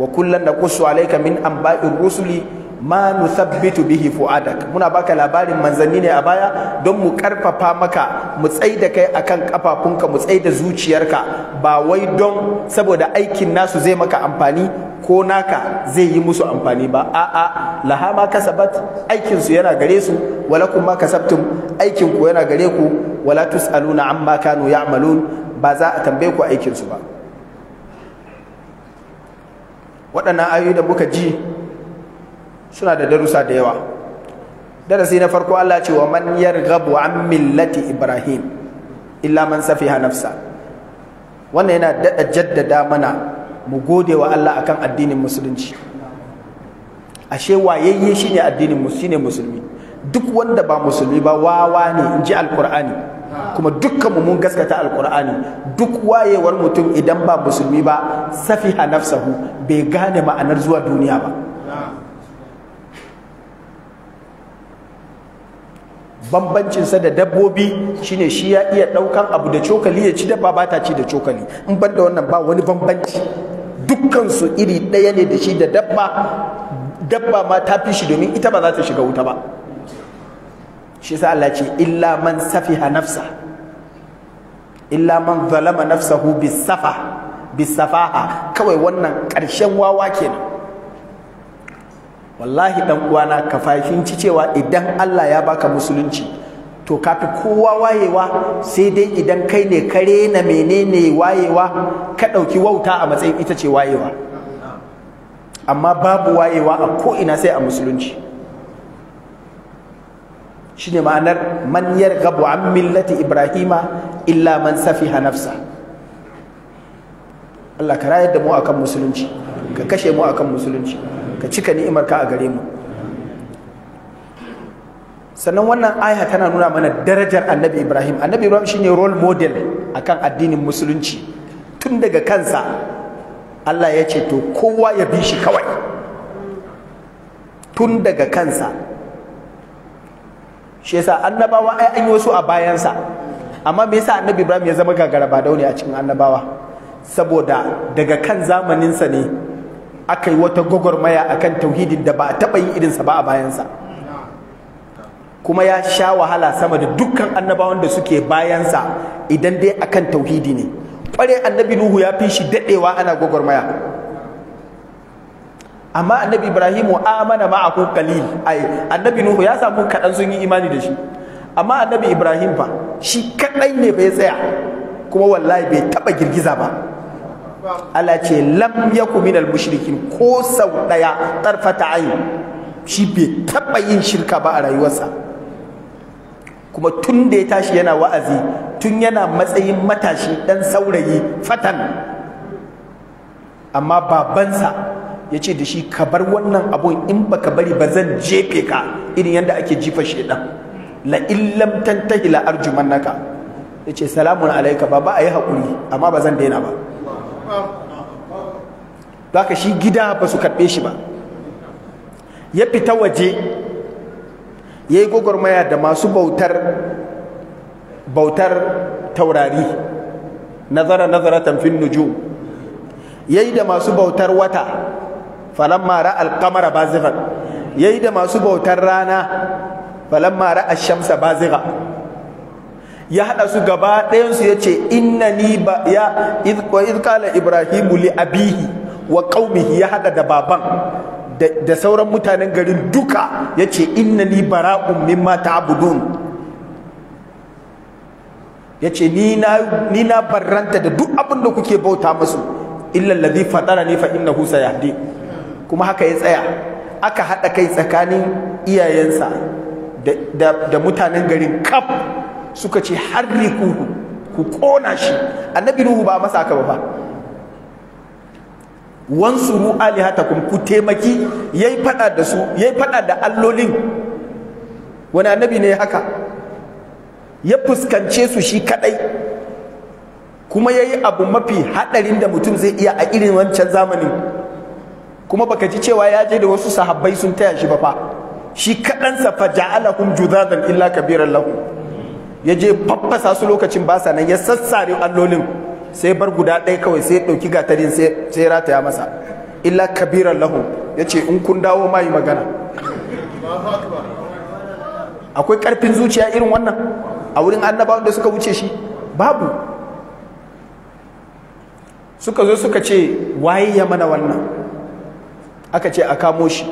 wa kullum da kusu alaika min amba'in rusuli ma nuthabbitu bihi fu'adak muna baka labarin manzanni ne a baya don mu karfafa maka mu tsai da kai akan kafafunka mu tsai da zuciyarka ba wai don saboda aikin nasu zai maka amfani ko naka zai yi musu amfani ba a'a laha ma kasabat aikin su yana gare su walakum ma kasabtum aikin ku yana gare ku wala tusaluna amma kanu ya'malun ba za a tambaye ku aikin su ba waɗannan ayoyi da muka ji suna da darussa da yawa darasi na farko Allah ce wa man yarghabu an millati ibrahim illa man safiha nafsa wannan yana daɗa jaddada mana mu gode wa Allah akan addinin musulunci ashe wayayye shine addinin musulmi ne musulmi duk wanda ba musulmi ba wawa ne in ji alkur'ani kuma dukkan mu mun gaskata alkur'ani duk wayewar mutum idan ba musulmi ba safiha nafsahu bai gane ma'anar zuwa duniya ba bambancinsa da dabbobi shine shi ya iya ɗaukan abu da cokali ya ci dafa ba ta ci da cokali in ban da wannan ba wani bambanci dukkansu iri ɗaya ne da shi da dabba dabba ma ta fi shi domin ita ba za ta shiga wuta ba shi sa Allah ce illa man safiha nafsa illa man zalama nafsahu bisafa bisafaha kawai wannan karshen wawa kenan wallahi dan uwana ka fahimci cewa idan Allah ya baka musulunci to kafi kowa wayewa sai dai idan kai ne kare na menene wayewa ka ɗauki wauta a matsayin ita ce wayewa amma babu wayewa a ko'ina sai a musulunci shi ne ma'anar manyar gabu an millati ibrahima illa man safiha nafsa Allah ka rayar da mu akan musulunci ka kashe mu akan musulunci ka cika ni'imarka a gare mu sannan wannan aya tana nuna mana darajar annabi ibrahim annabi ibrahim shine role model akan addinin musulunci tun daga kansa allah ya ce to kowa ya bi shi kawai tun daga kansa shi yasa annabawa ai an yi wasu a bayansa amma me yasa annabi ibrahim ya zama gagara ba dauni a cikin annabawa saboda daga kan zamaninsa ne aka yi wata gwagwarmaya akan tauhidin da ba a taɓa yin irinsa ba a bayansa kuma ya sha wahala sama da dukkan annabawan da suke bayansa idan dai akan tauhidi ne ƙware annabi nuhu ya fi shi daɗewa ana gwagwarmaya amma annabi ibrahimu amana a qalil ai annabi nuhu ya samu kaɗan sun yi imani da shi amma annabi ibrahim fa shi kaɗai ne bai tsaya kuma wallahi bai taɓa girgiza ba Allah ce lam yaku minal mushrikin ko sau daya tarfata ayin shi bai taba yin shirka ba a rayuwarsa kuma tun da ya tashi yana wa'azi tun yana matsayin matashi dan saurayi fatan amma babansa ya ce da shi ka bar wannan abun in baka bari ba zan jefe ka irin yadda ake jifa shedan la illam tantahi la arjumannaka yace salamun ba a yi hakuri amma ba zan daina ba ka shi gida ba su karɓe shi ba ya fita waje ya yi gwagwarmaya da masu bautar bautar taurari nazara nazara tamfin nuju ya yi da masu bautar wata falon ra alkamara bazifan ya yi da masu bautar rana falamma ra ashamsa bazifa ya hada su gaba ɗayan su yace innani ba ya idh qala ibrahimu li abihi wa qaumihi ya hada da baban da sauran mutanen garin duka yace innani bara'un mimma ta'budun ya ce ni na barranta da duk abin da kuke bauta masu ladhi fatara ne fa innahu sayahdi kuma haka ya tsaya aka haɗa kai tsakanin iyayensa da mutanen garin kaf suka ce harrikuhu ku kona shi annabi nuhu ba masa aka ba wansuru alihatakum ku taimaki yayi fada da su yayi fada da allolin wani annabi ne haka ya fuskance su shi kadai kuma yayi abu mafi hadarin da mutum zai iya a irin wancan zamanin kuma baka ji cewa ya je da wasu sahabbai sun taya shi ba fa shi kadansa fa ja'alahum judadan illa kabiran lahum ya je faffasa su lokacin ba sa nan ya sassare allolin sai bar guda ɗaya kawai sai ɗauki gatarin sai rataya masa illa kabiran lahu ya ce in kun dawo ma yi magana akwai ƙarfin zuciya irin wannan a wurin annabawan da suka wuce shi babu suka zo suka ce waye ya mana wannan aka ce a kamo shi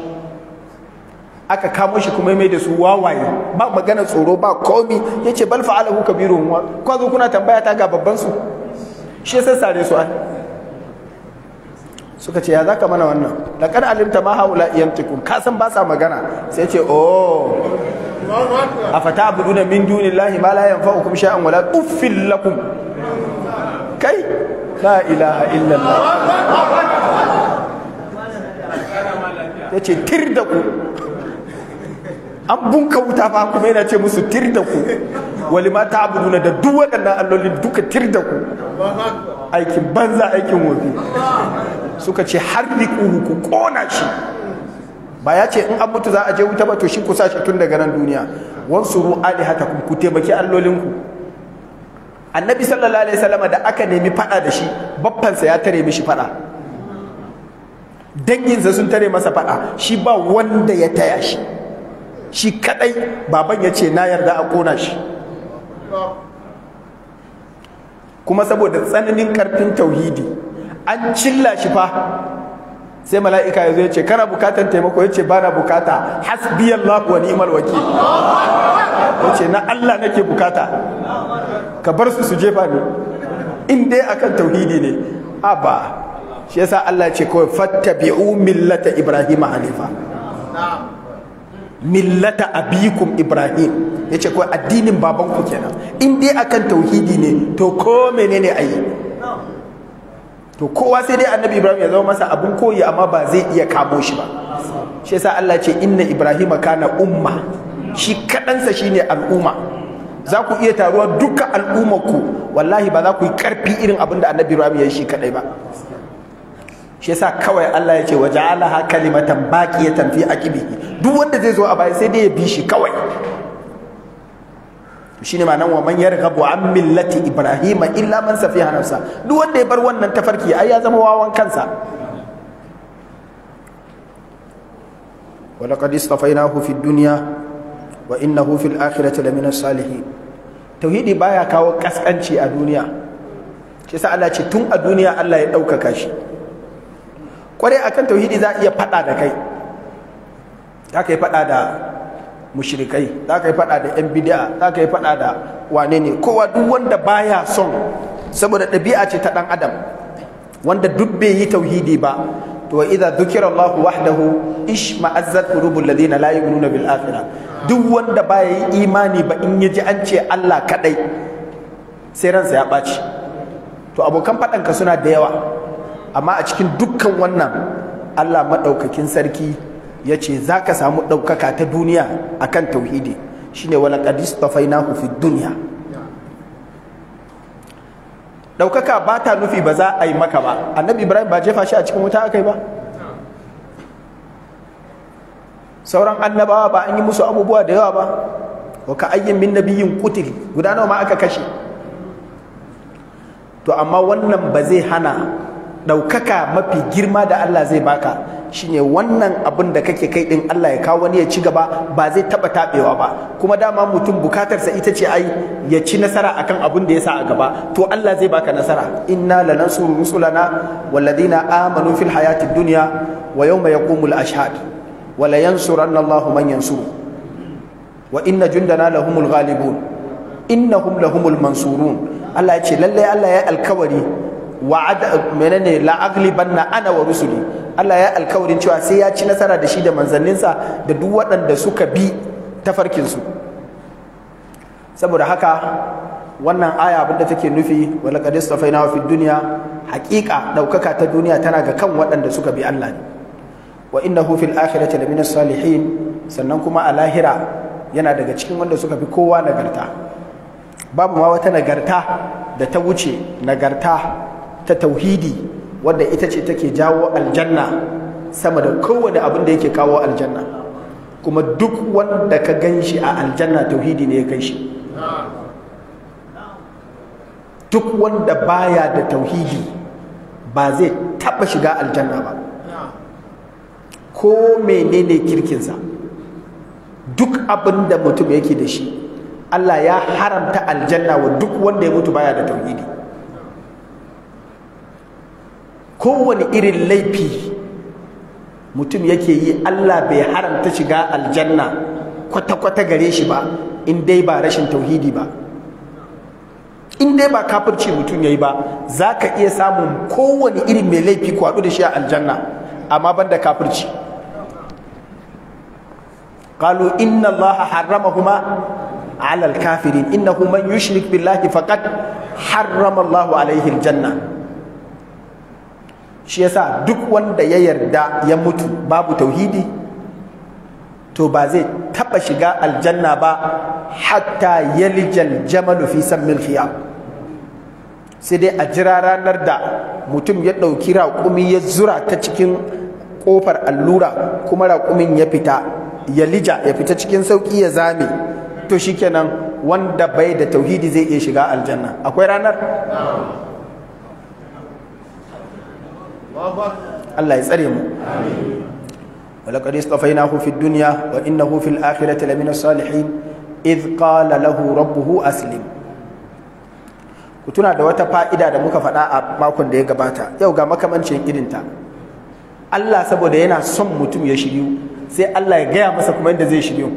aka kamo shi kuma mai da su wawaye ba magana tsoro ba komi ya ce bal fa'alahu Kabiru. wa kwa zo kuna tambaya ta ga babban su shi sai sare su an suka ce ya zaka mana wannan Da laqad alimta ma haula yamtikum ka san ba sa magana sai ce oh A fata abuduna min dunillahi ma la yanfa'ukum sha'an wala uffil lakum kai la ilaha illallah ya ce da ku an bunka wuta fa kuma yana ce musu tir da ku wali ma ta abu da duk waɗannan allolin duka tir da ku aikin banza aikin wofi suka ce har ni ku kona shi ba ya ce in an mutu za a je wuta ba to shi ku sa shi tun daga nan duniya Wansu wansuru hata ku taimaki allolin ku. annabi sallallahu alaihi wasallam da aka nemi fada da shi baffansa ya tare mishi fada danginsa sun tare masa fada shi ba wanda ya taya shi shi kadai baban ya ce na yarda a kona shi kuma saboda tsananin karfin tauhidi an cilla shi fa sai mala'ika ya zo ya ce kana bukatan taimako ya ce ba na bukata hasbiyallahu wa ni'mal wakil
ya ce na Allah nake bukata
ka bar su su jefa ni. in dai akan tauhidi ne a ba shi yasa Allah ce kawai fattabi'u millata ibrahim hanifa millata abikum ibrahim ya ce kawai addinin babanku kenan in dai akan tauhidi ne to ko menene a yi to kowa sai dai annabi ibrahim ya zama masa abin koyi amma ba zai iya kamo shi ba shi yasa Allah ce inna ibrahim kana umma shi kadansa shine al'umma za ku iya taruwa duka al'ummarku wallahi ba za ku yi karfi irin abin da annabi ibrahim ya yi shi kadai ba shi yasa kawai Allah ya ce waje alaha kalimatan baqiyatan a aqibihi duk wanda zai zo a baya sai dai ya bi shi kawai shine nan wa man yarghabu an millati ibrahima illa man safiha nafsa duk wanda ya bar wannan tafarki ai ya zama wawan kansa ولقد اصطفيناه في الدنيا وانه في الاخره لمن الصالحين tauhidi baya kawo kaskanci a duniya shi Allah ce tun a duniya Allah ya ɗaukaka shi kwarai akan tauhidi za a iya faɗa da kai za ka yi faɗa da mushrikai za ka yi faɗa da yan bid'a za ka yi faɗa da wane ne kowa duk wanda baya son saboda ɗabi'a ce ta ɗan adam wanda duk bai yi tauhidi ba to idza dhukira Allah wahdahu ish ma'azzat qulubul ladina la yu'minuna bil akhirah duk wanda baya yi imani ba in yaji an ce Allah kadai sai ransa ya ɓaci to abokan faɗanka suna da yawa amma a cikin dukkan wannan Allah maɗaukakin sarki ya ce za ka samu ɗaukaka ta duniya a kan tauhidi shine wala qadis tafainahu fi duniya ɗaukaka ba ta nufi ba za a yi maka ba annabi ibrahim ba jefa shi a cikin wuta aka yi ba sauran annabawa ba an yi musu abubuwa da yawa ba wa ka ayyin min nabiyin kutil guda nawa ma aka kashe to amma wannan ba zai hana ɗaukaka mafi girma da Allah zai baka shine wannan abin da kake kai ɗin Allah ya kawo wani ya ci gaba ba zai taɓa taɓewa ba kuma dama mutum bukatarsa ita ce ai ya ci nasara akan abin da ya sa a gaba to Allah zai baka nasara inna lanansuru rusulana walladina amanu fil hayatid dunya wa yawma yaqumul ashhad wa la yansuranna Allahu man yansuru wa inna jundana lahumul ghalibun innahum lahumul mansurun Allah ya ce lalle Allah ya alkawari wa'ada menene la banna ana wa rusuli Allah ya alkawarin cewa sai ya ci nasara da shi da manzanninsa da duk waɗanda suka bi tafarkinsu saboda haka wannan aya abinda take nufi wala qad istafaina fi dunya haqiqa daukaka ta duniya tana ga kan waɗanda suka bi Allah ne wa innahu fil akhirati lamina salihin sannan kuma a lahira yana daga cikin wanda suka fi kowa nagarta babu ma wata nagarta da ta wuce nagarta ta tauhidi wadda ita ce take jawo aljanna sama da kowane abin da yake kawo aljanna kuma duk wanda ka gan shi a aljanna tauhidi ne ya kai shi duk wanda baya da tauhidi ba zai taba shiga aljanna ba ko menene kirkinsa duk abin da mutum yake da shi Allah ya haramta aljanna wa duk wanda ya mutu baya da tauhidi kowane irin laifi mutum yake yi Allah bai haramta shiga aljanna kwata-kwata gare shi ba in dai ba rashin tauhidi ba in dai ba kafirci mutum ya yi ba za ka iya samun kowane irin mai laifi kwaɗu da shi a aljanna amma ban da kafirci قالوا إن الله حرمهما على الكافرين إنه من يشرك بالله فقد حرم الله عليه الجنة shi yasa duk wanda ya yarda ya mutu babu tauhidi to ba zai taba shiga aljanna ba hatta yalijal jamalu fi sammil khiyam sai dai a jira ranar da mutum ya ɗauki raƙumi ya zura ta cikin ƙofar allura kuma raƙumin ya fita ya lija ya fita cikin sauki ya zame to shikenan wanda bai da tauhidi zai iya shiga aljanna akwai ranar
Allah
ya tsare mu ولقد اصطفيناه في الدنيا وإنه في الآخرة salihin id إذ قال له aslim Ku tuna da wata fa'ida da muka faɗa a makon da ya gabata yau ga makamancin irin ta. Allah saboda yana son mutum ya shiryu sai Allah ya gaya masa kuma yadda zai shiryu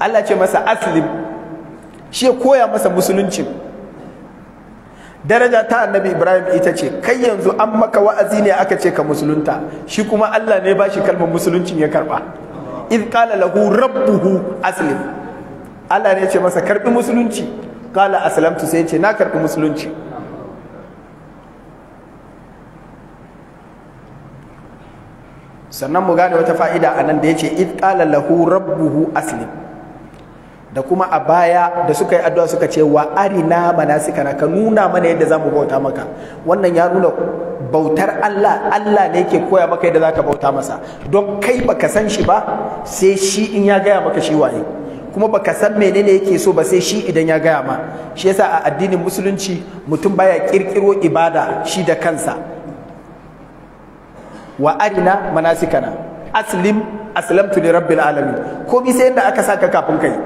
Allah ce masa aslim shi ya koya masa musuluncin daraja ta annabi ibrahim ita ce kai yanzu an maka wa'azi ne aka ce ka musulunta shi kuma allah ne ba shi kalmar musuluncin ya karba in kala lahu rabbuhu aslim allah ne ya ce masa karbi musulunci kala aslamtu sai ya ce na karbi musulunci sannan mu gane wata fa'ida a nan da ya ce id kala lahu rabbuhu aslim da kuma a baya da suka yi addu'a suka ce wa arina manasikana ka nuna mana yadda za mu bauta maka wannan ya nuna bautar Allah Allah ne yake koya maka yadda za ka bauta masa don kai baka san shi ba sai shi in ya gaya maka shi waye kuma baka san menene yake so ba sai shi idan ya gaya ma shi yasa a addinin musulunci mutum baya kirkiro ibada shi da kansa wa arina manasikana aslim aslamtu li rabbil alamin ko bi sai yadda aka saka kafin kai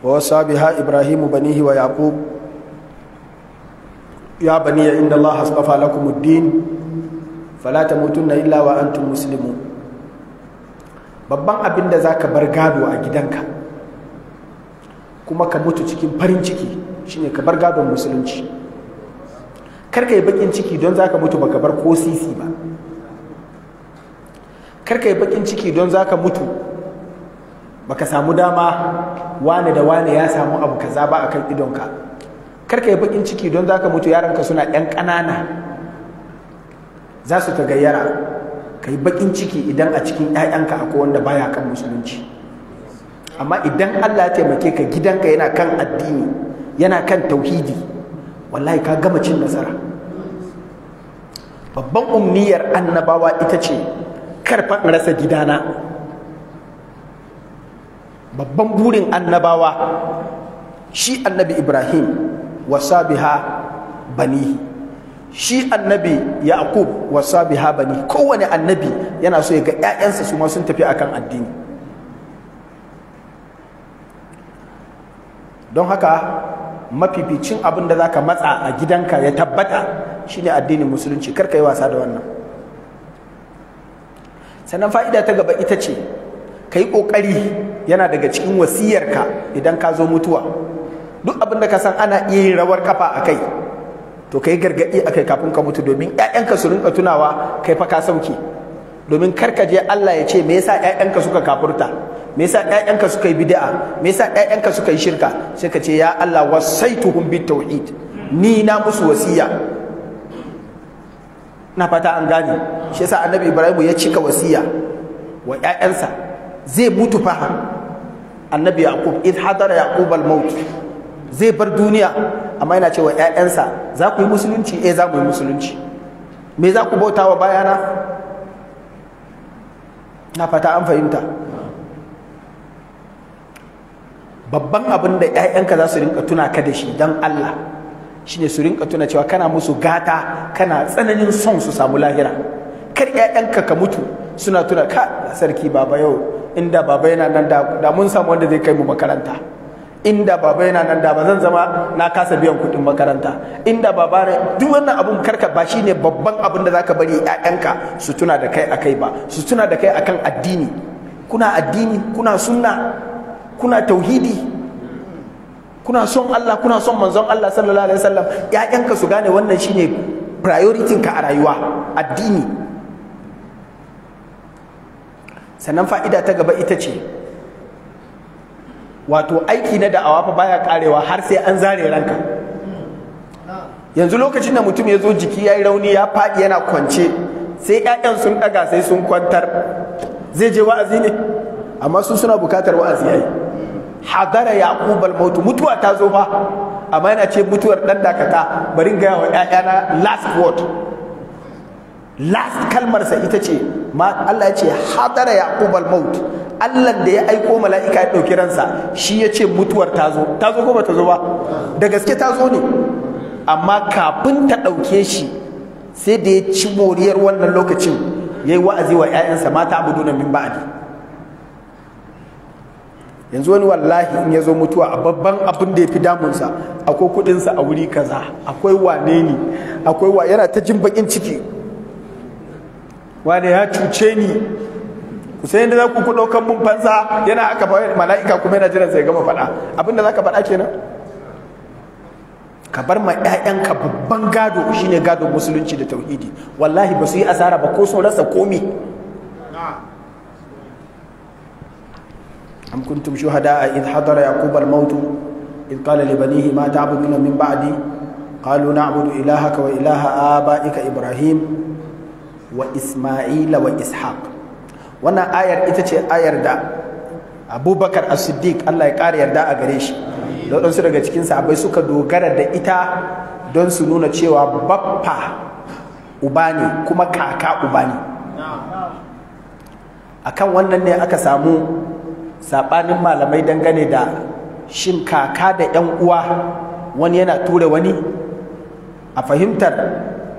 ووصى بها إبراهيم بنيه ويعقوب يا بني إن الله اصطفى لكم الدين فلا تموتن إلا وأنتم مسلمون babban abin da za ka bar gado a gidanka kuma ka mutu cikin farin ciki shine ka bar gadon musulunci karka yi bakin ciki don za ka mutu baka bar ko sisi ba karka yi bakin ciki don za ka mutu baka samu dama wane da wane ya samu abu kaza ba akan idonka karka yi bakin ciki don za ka mutu yaranka suna yan ƙanana za su ta gayyara ka yi bakin ciki idan a cikin 'ya'yanka a wanda baya kan musulunci amma idan Allah ya taimake ka gidanka yana kan addini yana kan tauhidi wallahi ka gama cin nasara babban umniyar annabawa ita ce karfan rasa gidana babban burin annabawa shi annabi ibrahim wasa biha bani shi annabi yaqub wasa biha bani kowane annabi yana so ya ga 'ya'yansa su ma sun tafi akan addini don haka mafificin abin da za ka matsa a gidanka ya tabbata shine addinin musulunci karka yi wasa da wannan sannan fa'ida ta gaba ita ce ka yi ƙoƙari yana daga cikin wasiyarka idan ka zo mutuwa duk abin da ka san ana iya yin rawar kafa a kai to ka yi gargaɗi a kai kafin ka mutu domin 'ya'yanka su rinka tunawa kai fa ka sauke domin kar ka je Allah ya ce me yasa 'ya'yanka suka kafurta me yasa 'ya'yanka suka yi bid'a me yasa 'ya'yanka suka yi shirka sai ka ce ya Allah wasaituhum bitauhid ni na musu wasiya na fata an gane shi yasa annabi Ibrahim ya cika wasiya wa 'ya'yansa zai mutu fa annabi yaqub id hadara yaqub al maut zai bar duniya amma yana cewa ƴaƴansa za ku yi musulunci eh za mu yi musulunci me za ku bauta wa bayana na fata an fahimta babban abin da ƴaƴanka za su rinka tuna ka da shi dan Allah shine su rinka tuna cewa kana musu gata kana tsananin son su samu lahira kar ƴaƴanka ka mutu suna tuna ka sarki baba yau inda baba yana nan da mun samu wanda zai kai mu makaranta inda baba yana nan da ba zan zama na kasa biyan kuɗin makaranta inda baba ne duk wannan abun karka ba shine babban abun da zaka bari ƴaƴanka su tuna da kai akai ba su tuna da kai akan addini kuna addini kuna sunna kuna tauhidi kuna son Allah kuna son manzon Allah sallallahu alaihi wasallam ƴaƴanka su gane wannan shine priority ka a rayuwa addini sannan fa'ida ta gaba ita ce wato aiki na da awafa baya karewa har sai an zare ranka yanzu lokacin da mutum ya zo jiki ya yi rauni ya faɗi yana kwance sai 'ya'yan sun ɗaga sai sun kwantar zai je wa'azi ne amma su suna bukatar wa'azi yayi hadara yaqub mutuwa ta zo fa amma yana ce mutuwar ɗan dakata bari ga wa 'ya'yana last word last kalmarsa ita ce Allah ya ce hadara yaqub al-maut Allah da ya aiko mala'ika ya ɗauki ransa shi ya ce mutuwar ta zo ta zo ko ba ta zo ba da gaske ta zo ne amma kafin ta ɗauke shi sai da ya ci moriyar wannan lokacin yayi wa'azi wa ƴaƴansa mata abuduna min ba’adi yanzu wani wallahi in ya zo mutuwa a babban abin da ya fi damunsa akwai kudinsa a wuri kaza akwai wane ne akwai wa yana ta jin bakin ciki wane ya cuce ni ku sai yadda za ku ku kan mun fansa yana aka fawai mala'ika kuma yana jiran sai gama faɗa abinda za ka faɗa kenan ka bar ma 'ya'yanka babban gado shine gado musulunci da tauhidi wallahi ba su yi asara ba ko sun rasa komi am kuntum a idh hadara yaqub al-maut idh qala li banihi ma ta'buduna min ba'di qalu na'budu ilahaka wa ilaha aba'ika ibrahim wa isma'ila wa ishaq wannan ayar ita ce ayar da abubakar as-siddiq Allah ya ƙara yarda a gare shi da waɗansu daga cikin sahabbai suka dogara da ita don su nuna cewa baffa uba ne kuma kaka uba ne akan wannan ne aka samu saɓanin malamai dangane da shin kaka da 'yan uwa wani yana ture wani a fahimtar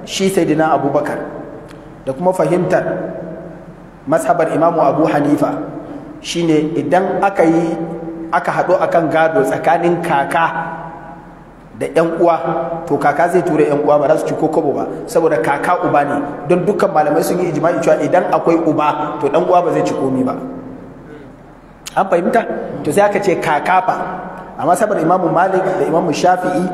shi sai abubakar da kuma fahimtar mazhabar imamu abu hanifa shine idan aka yi aka haɗo akan gado tsakanin kaka da yan uwa to kaka zai tura yan uwa ba za su ci kokobo ba saboda kaka uba ne don dukkan malamai sun yi ijma'i cewa idan akwai uba to dan uwa ba zai ci komi ba an fahimta to sai aka ce kaka fa a masabar imamu malik da imamu shafi'i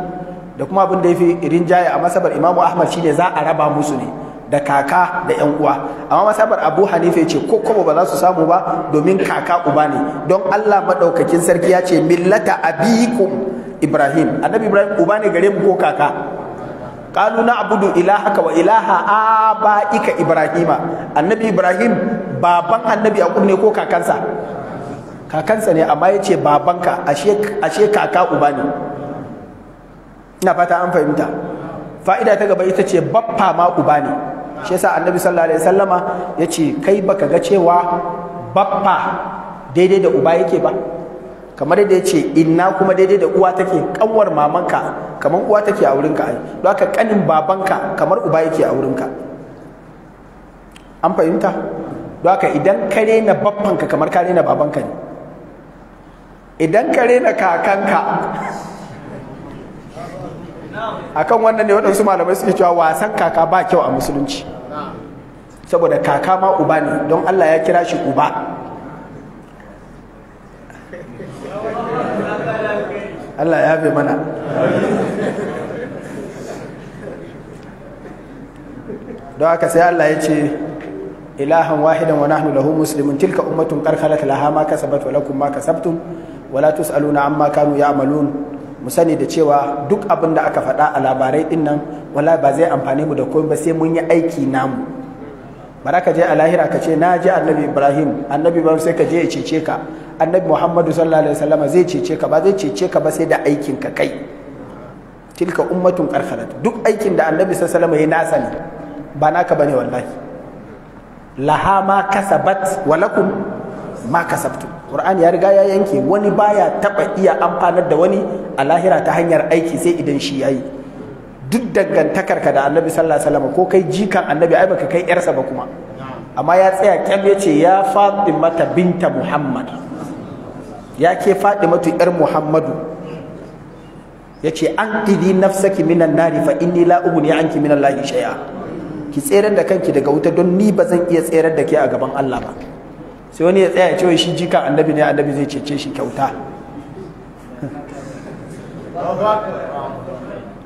da kuma abin da ya fi rinjaye a masabar imamu ahmad shine za a raba musu ne da kaka da yan uwa amma masabar Abu Hanifa ce ko kuma ba za su samu ba domin kaka uba ne don Allah madaukakin sarki ya ce millata abikum Ibrahim annabi Ibrahim uba ne gare mu ko kaka qalu na abudu ilahaka wa ilaha abaika Ibrahima annabi Ibrahim baban annabi Aqub ne ko kakansa kakansa ne amma yace babanka ashe ashe kaka uba ne ina fata an fahimta fa'ida ta gaba ita ce baffa ma uba ne shi yasa annabi sallallahu alaihi wasallama yace kai baka ga cewa baffa daidai da uba yake ba kamar yadda yace inna kuma daidai da uwa take kanwar mamanka kamar uwa take a wurinka ai don haka kanin babanka kamar uba yake a wurinka an fahimta don haka idan ka rena baffanka kamar ka rena babanka ne idan ka rena kakanka akan wannan ne waɗansu malamai suke cewa wasan kaka ba kyau a musulunci saboda kaka ma uba ne don Allah ya kira shi uba Allah ya fi mana don haka sai Allah ya ce ilahan wahidan wa nahnu lahu muslimun tilka ummatun qarqalat laha ma kasabat wa lakum ma kasabtum wa la tusaluna amma kanu ya'malun mu sani da cewa duk abin da aka faɗa a labarai ɗin nan wala ba zai amfane mu da komai ba sai mun yi aiki namu bara ka je a lahira ka ce na je annabi ibrahim annabi ibrahim sai ka je ya cece ka annabi muhammadu sallallahu alaihi wasallama zai cece ka ba zai cece ka ba sai da aikin ka kai tilka ummatun karkharat duk aikin da annabi sallallahu alaihi wasallama ya nasa ne ba naka bane wallahi Lahama kasabat walakum ma kasabtu qur'ani ya riga ya yanke wani baya taba iya amfanar da wani a lahira ta hanyar aiki sai idan shi yayi duk dangantakarka da annabi sallallahu alaihi wasallam ko kai jikan annabi ai baka kai yarsa ba kuma amma ya tsaya kyam ya ce ya fatimata binta muhammad ya ke fatimatu yar muhammadu ya ce an idi nafsaki minan nari fa inni la ne anki minallahi shay'a ki tserar da kanki daga wuta don ni bazan iya tserar da ke a gaban Allah ba sai wani ya tsaya cewa shi jika annabi ne annabi zai cece shi kyauta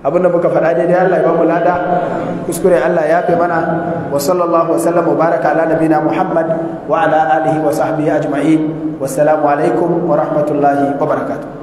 abinda muka faɗa daidai Allah ya bamu lada kuskure Allah ya fi mana wa sallallahu wasallam wa baraka ala nabina Muhammad wa ala alihi wa sahbihi ajma'in wassalamu alaikum wa rahmatullahi wa barakatuh